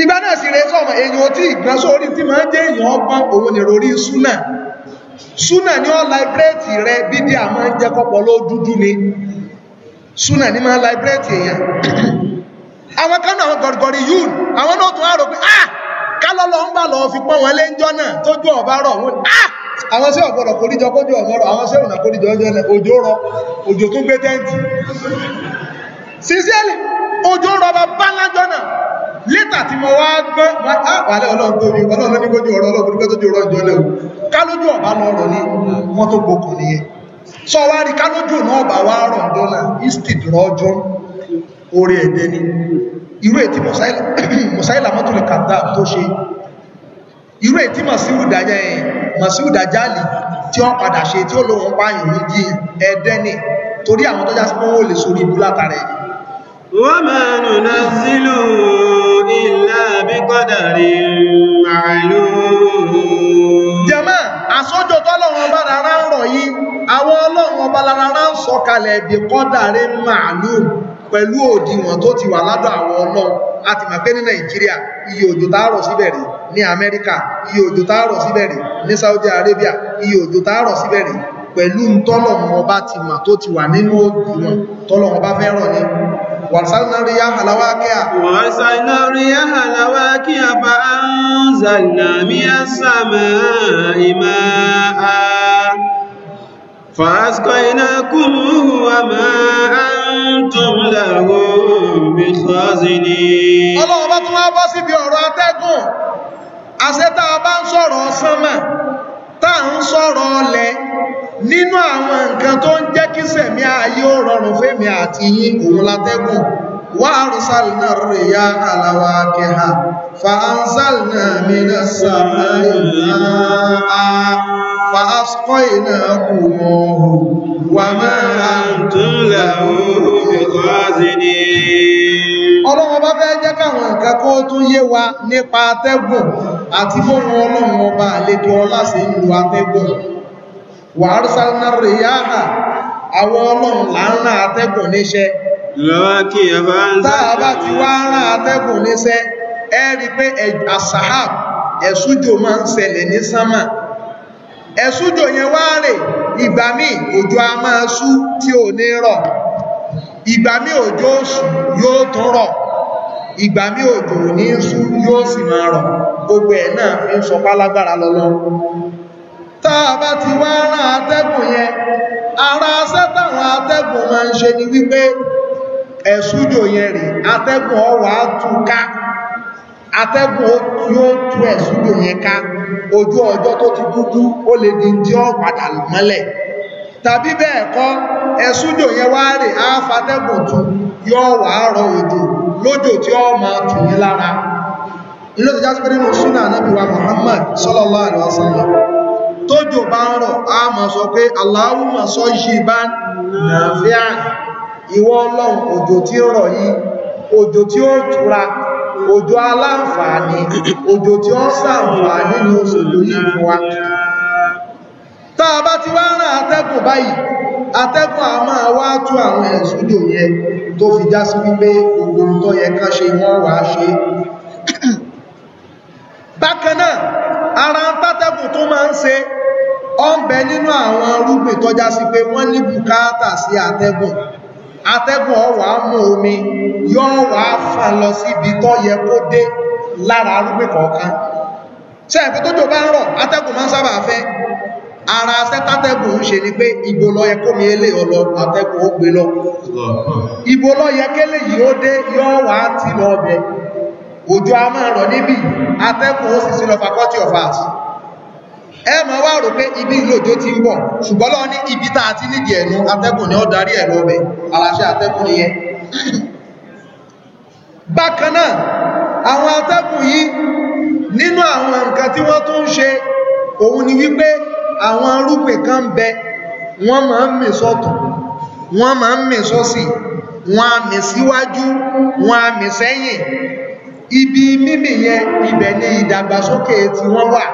ìgbà náà sì rẹ̀ sọ́mọ̀ èyàn tí ìgbà sórí tí máa ń jẹ́ èyàn ọgbọ́n òun ni rorí súnà súnà ní ọ́ láìbírẹ́tì rẹ bídí à máa ń jẹ́ kọ́pọ̀ ló dúdú ni súnà ní máa láìbírẹ́tì èèyàn àwọn kánú àwọn gọ̀rọ̀gọ̀rọ̀ yìí àwọn náà tún àrò pé ah kálọ́lọ́ ń bà lọ fi pọ́n wọn léńjọ́ náà tójú ọ̀bá rọ̀ wọn ah àwọn sí ọ̀gbọ̀dọ̀ kóríjọ kójú ọ̀mọ́rọ̀ àwọn sí ọ̀nà kóríjọ ọjọ́ òjò rọ òjò tún gbé tẹ́ǹtì sincerely òjò rọba bálájọ́ náà létà tí mo wá gbọ́ wàlẹ́ ọlọ́run tó mi ọlọ́run ní kójú ọ̀rọ̀ ọlọ́run nígbẹ́ tó di ọ̀rọ̀ ìjọlẹ̀ o kálójú ọ̀bá lọ rọ̀ ní wọ́n tó gbokùn nìyẹn sọ wá rí kálójú náà bá wá rọ̀ dọ́là easted rọ́jọ́ orí ẹ̀dẹ́ ni irú ètí mọ̀sáìlà mọ́tò lè kàdá tó ṣe irú ètí mọ̀síwùdájálì tí wọ́n padà ṣe tí ó lóun pààyàn ní ẹ̀dẹ́ ni torí àwọn tó já sí pé wọ́n lè sórí ibú látara وَمَا ننزله إِلَّا بقدر معلوم jàmáà àsọjọ́ tọ́lọ́run ọba rárá ń rọ̀ yìí àwọn ọlọ́run ọba pẹ̀lú òdiwọ̀n tó ti wà ládọ̀ àwọn ọlọ́run a ti mọ̀ pé ní nàìjíríà iye òjò tààrọ̀ síbẹ̀ rèé ní amẹ́ríkà iye òjò tààrọ̀ síbẹ̀ rèé ní saudi arabia iye òjò tààrọ̀ síbẹ̀ rèé pẹ̀lú tọ́lọ́run ọba ti mọ̀ tó ti wà nínú òdiwọ̀n tọ́lọ́run ọba fẹ́ràn ni وارسلنا الرياح لواقع وارسلنا الرياح لواقع فأنزلنا من السماء ماء فأسقيناكموه وما أنتم له بخازنين ọlọ́run bá tún wá bọ́ síbi ọ̀rọ̀ atẹ́gùn àṣẹ́ta bá ń sọ̀rọ̀ sánmà tá à ń sọ̀rọ̀ ọlẹ nínú àwọn nǹkan tó ń jẹ́ kí sẹ̀mí ayé ó rọrùn fẹ́mi àti yín òun látẹ́gùn wà arsalna rìyà àlàwà kẹha fa'ansalna mina sàmà ìlà a fa'asọ́ iná kùmọ̀ wà máa tún làwọn òkè kọ́ ọlọ́run bá fẹ́ jẹ́ káwọn nǹkan kó tún yé wa nípa atẹ́gùn àti bóhun ọlọ́run ọba àlejò ọlá sí ń atẹ́gùn wàhálsánà àwọn ọlọ́run là ń rán atẹ́gùn níṣẹ́ ti wá rán atẹ́gùn níṣẹ́ ẹ rí pé máa ní a máa sú tí ò ní ìgbà mí òjò oṣù yóò tún rọ̀ ìgbà mí òjò ní ṣú yóò sì máa rọ̀ gbogbo ẹ̀ náà fi ń sọpá lágbára lọ́lọ́ táà bá ti wá rán atẹ́gùn yẹn ara sẹ́tàwọn atẹ́gùn máa ń ṣe ni wípé ẹ̀sújò yẹn rè atẹ́gùn ọwà tú ká atẹ́gùn yóò tú ẹ̀sújò yẹn ká ojú ọjọ́ tó ti dúdú ó lè di tí ó padà mọ́lẹ̀ tàbí bẹ́ẹ̀ kọ́ ẹ̀sùjò yẹn wá rè á fatẹ́gùn tún yọ wà á rọ òjò lójò tí ó máa tù ní lára ilé ìjá sí pé nínú súnà Ànábì Muhammad sallallahu alaihi wasallam tójò bá ń rọ̀ á máa sọ pé Allahumma sayyiban nafi'an ìwọ ọlọ́run òjò tí ó rọ̀ yìí òjò tí ó tura òjò aláǹfààní òjò tí ó ṣàǹfààní ní oṣù lóyìn fún tá a bá ti wá rán atẹ́gùn báyìí atẹ́gùn a máa wá tú àwọn ẹ̀sùdò yẹn tó fi já sí wípé gbogbo tó yẹ ká ṣe wọ́n wà á ṣe bákan náà ara ń tátẹ́gùn tó máa ń ṣe ọ̀bẹ nínú àwọn rúgbìn tó já sí pé wọ́n ní bùkátà sí atẹ́gùn atẹ́gùn ọwà mú omi yóò wà fà lọ síbi tó yẹ kó dé lára rúgbìn kọ̀ọ̀kan ṣe ẹ̀fẹ́ tó jò bá ń rọ̀ atẹ́gùn máa ń sábà fẹ́ ara sẹ́tàtẹ́gùn ń ṣe ni pé ìbò lọ yẹ kó mi elé ọlọ àtẹ́gùn ó gbé lọ ìbò lọ yẹ kélé yìí ó dé yóò wá ti lọ ọbẹ̀ òjò a máa rọ̀ níbi atẹ́kùn ó sì sí lọ faculty of arts ẹ mọ̀ wá rò pé ibi ìlòjó ti ń bọ̀ ṣùgbọ́n lọ ní ibi tá a ti nídìí ẹ̀nu atẹ́kùn ni ó darí ẹ̀rọ ọbẹ̀ aláṣẹ atẹ́kùn nìyẹn bákan náà àwọn atẹ́kùn yìí nínú àwọn nǹkan tí wọ́n tún ń ṣe òun ni wípé àwọn rúgbìn kan bẹ wọ́n máa ń mì sọ́tún wọ́n máa ń mì sọ́sì wọ́n á mì síwájú wọ́n á mì sẹ́yìn ibi mímì yẹn ibẹ̀ ni ìdàgbàsókè tí wọ́n wà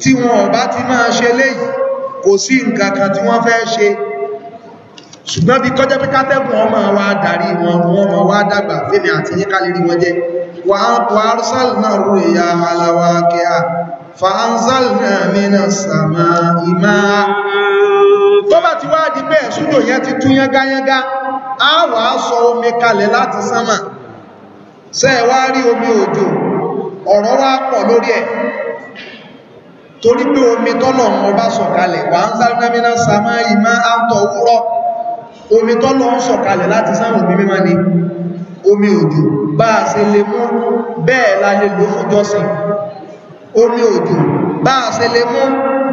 tí wọn ò bá ti máa ṣe léyìí kò sí nǹkan kan tí wọ́n fẹ́ ṣe ṣùgbọ́n bí kọjá pé kátẹ́kùn ọmọ wa darí wọn wọn ma wá dàgbà fèmí àti yíká wọn jẹ wà tó arsal náà rú ìyá aláwá kẹ́ fàánzálìmọ̀ mìíràn sàmà ìmá tó bá ti wá di pé ẹ̀sùdò yẹn ti tún yángayángá a wà á omi kalẹ̀ láti sánmà sẹ́ omi òjò ọ̀rọ̀ wá pọ̀ lórí ẹ̀ torí pé omi tọ́lọ̀ bá omi tọ́lọ̀ ń sọ̀kalẹ̀ láti sánmà omi mímọ́ ni omi òjò bá a ṣe lè mú bẹ́ẹ̀ la lè jọ́sìn omi òjò bá a ṣe lè mú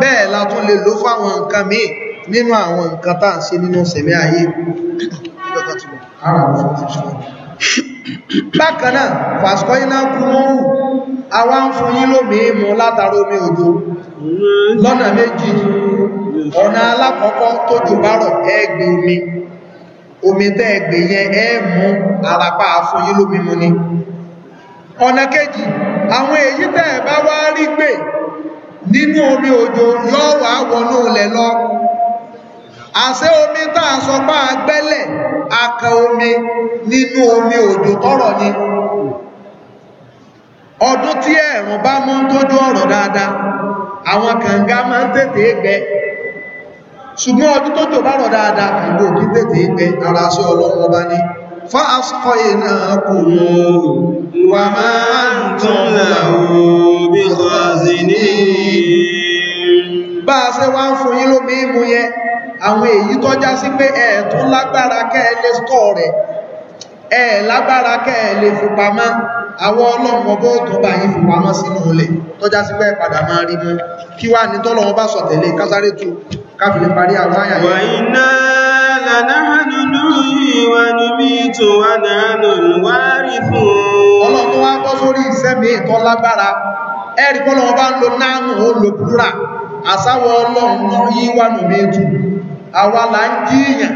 bẹ́ẹ̀ la tún lè lò fáwọn nǹkan míì nínú àwọn nǹkan tá à ń ṣe nínú sẹ̀mí ayé bákan náà fàṣkọ́ iná kú mọ́rù àwa ń fún yín lómi mú látara omi òjò lọ́nà méjì ọ̀nà alákọ̀ọ́kọ́ tó jù bá rọ̀ ẹgbẹ̀ omi omi tẹ́ ẹgbẹ̀ yẹn ẹ mú àràpá fún yín lómi mú ni ọ̀nà kejì àwọn èyí tẹ́ ẹ̀ bá wá rí gbè nínú omi òjò yóò wá wọnú lọ àṣẹ omi tá a sọ a agbẹ́lẹ̀ aka omi nínú omi òjò tọrọ ni ọdún tí ẹ̀rùn bá mú tójú ọ̀rọ̀ dáadáa àwọn kànga máa ń tètè gbẹ ṣùgbọ́n ọdún tójò bá rọ̀ dáadáa kànga òkú tètè gbẹ ara sí ọlọ́run ọba ni. فأسقيناكم وما أنتم له بخازنين bá a ṣe wá ń fún yín lómi ìmú yẹn àwọn èyí tó já sí pé ẹ̀ tún lágbára kẹ́ ẹ lè stọ̀ rẹ̀ ẹ̀ lágbára kẹ́ ẹ lè fipamọ́ àwọn tó bá yín fipamọ́ sínú ilẹ̀ tó já sí pé padà máa rí mú kí wá ní tọ́lọ́run bá sọ̀tẹ̀lé kásáré tu káfílẹ̀ parí àwọn àyà نحن نحيي ونميت ونحن الوارثون ọlọ́run wá bọ́ sórí iṣẹ́ mi ìtọ́ lágbára ẹ̀rí pọ́lọ́wọ́ bá ń lo náàmù olùkúrà àsáwọ̀ ọlọ́run yí wà nù méjì àwa là ń jí èèyàn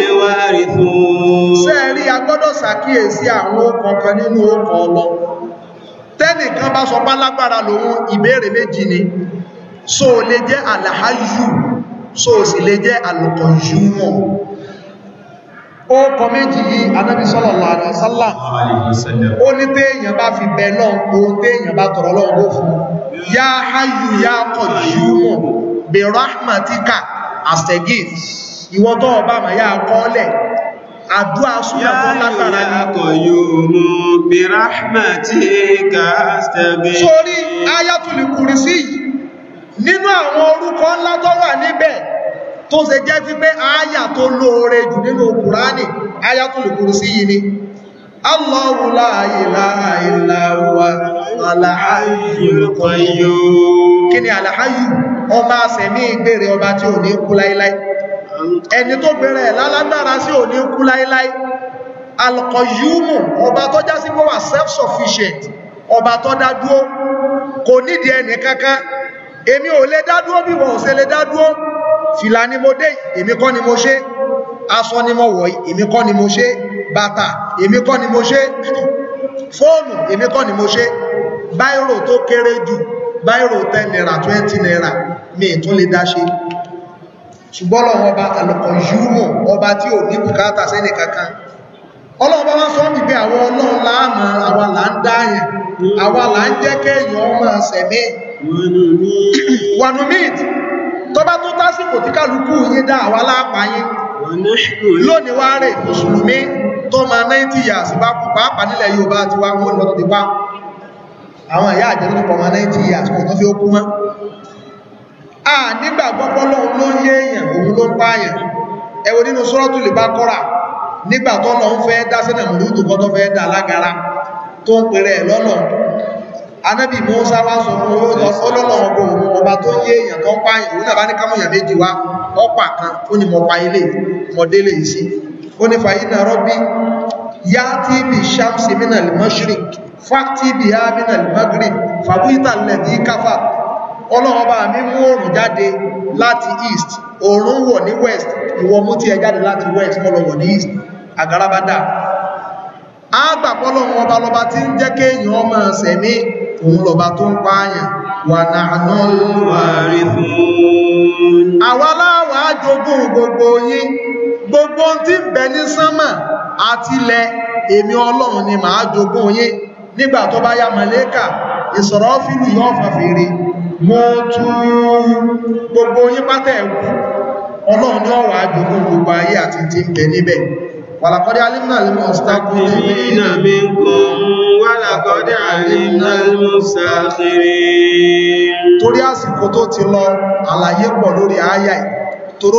lè wá rí fún un. sẹ́ẹ̀rí a gbọ́dọ̀ ṣàkíyèsí àwọn okọ̀ kan nínú okọ̀ ọlọ́run tẹ́nìkan bá sọ pálágbára lòun ìbéèrè méjì ni so lè jẹ́ alhayu so sì lè jẹ́ alqayyumu ó kọ méjì yìí anábi sallallahu alaihi wasallam ó ní téèyàn bá fi bẹ náà ohun téèyàn bá tọrọ lọ́wọ́ fún ya hayyu ya qayyumu bi rahmatika astagith ìwọ́n tó ọba mà yá kọ́lẹ̀ àdúrà súnà fún látara ní ọkọ̀ yóò mú bí ráhmàtí kàstẹ̀bẹ̀ sórí ayatul kùrìsí nínú àwọn orúkọ ńlá wà níbẹ̀ tó ṣe jẹ́ wípé àyà tó lóore jù nínú kùránì ayatul kùrìsí yìí ni Allahu la ilaha illa huwa al-hayyul qayyum kí ni al-hayyu ọba ìgbèrè ọba tí ò ní kú láíláí ẹni tó bẹ̀rẹ̀ lálágbára sí òní kú láíláí alkọ̀yúmù ọba tó já sí wọ́n wà self-sufficient ọba tó dádúó kò nídìí ẹni kankan èmi ò lè dádúó bí wọ́n ò ṣe lè dádúó fìlà ni mo dé èmi kọ́ ni mo ṣe aṣọ ni mo wọ̀ èmi kọ́ ni mo ṣe bàtà èmi kọ́ ni mo ṣe fóònù èmi kọ́ ni mo ṣe báírò tó kéré jù báírò 10 naira 20 naira mi tún lè dá ṣe ṣùgbọ́n lọ́wọ́ ọba àlọ́kọ̀ yúmọ̀ ọba tí ò ní bùkátà sẹ́nì kankan ọlọ́ọ̀bá wá sọ ní pé àwọn ọlọ́run láàmà àwa là ń dáyàn àwa là ń jẹ́ kẹ́yàn ọmọ sẹ̀mí wọnùmíìd tó bá tó tásìkò tí kálukú yí dá àwa láàpáyé lónìí wá rè mùsùlùmí tó ma 90 àwọn ìyá àjẹ́ tó kọ̀ 90 years kò tó fi ó kú mọ́ a nígbà gbọ́pọ́lọ́ ló ń yé èèyàn òun ló ń pààyàn ẹ wo nínú Suratul Baqara nígbà tó lọ ń fẹ́ dá sínà múlùdù kọ́ tó fẹ́ dá lágara tó ń pèrè ẹ̀ lọ́nà anábì Musa wá sọ fún ọlọ́nà ọgbọ̀n òun ọba tó ń yé èèyàn tó ń pààyàn òun náà bá ní kámọ̀yàn méjì wá ọ̀pá kan ó ní mo pa ilé mọ̀délé yìí sí ó ní fàyínà rọ́bí yáti bí shamsi minal mashrik fáti bí ha minal maghrib fàbúyítà lẹ́bí káfà ọlọ́run bá mi mú oòrùn jáde láti east oòrùn wọ̀ ní west ìwọ mú tí ẹ jáde láti west kọ́ lọ wọ̀ ní east àgàràbádà àgbàpọ̀lọ́run ọba lọba tí ń jẹ́ kéèyàn ọmọ ṣẹ̀mí òun lọba tó ń pààyàn wà náà àwa láwà jogún gbogbo yín gbogbo tí ń ní sánmà àtilẹ̀ èmi ọlọ́run ni màá jogún yín nígbà tó bá yá màlẹ́kà ìsọ̀rọ̀fílù yóò fà fèrè mo tún gbogbo yín pátá ẹ̀kú ọlọ́run ní ọ̀wà àjòkó gbogbo ayé àti tí ń bẹ níbẹ̀ wàlàkọ́dé alìmọ̀ alìmọ̀ ọ̀stákùnrin wàlàkọ́dé alìmọ̀ alìmọ̀ ọ̀stákùnrin torí àsìkò tó ti lọ àlàyé pọ̀ lórí àyà ì toró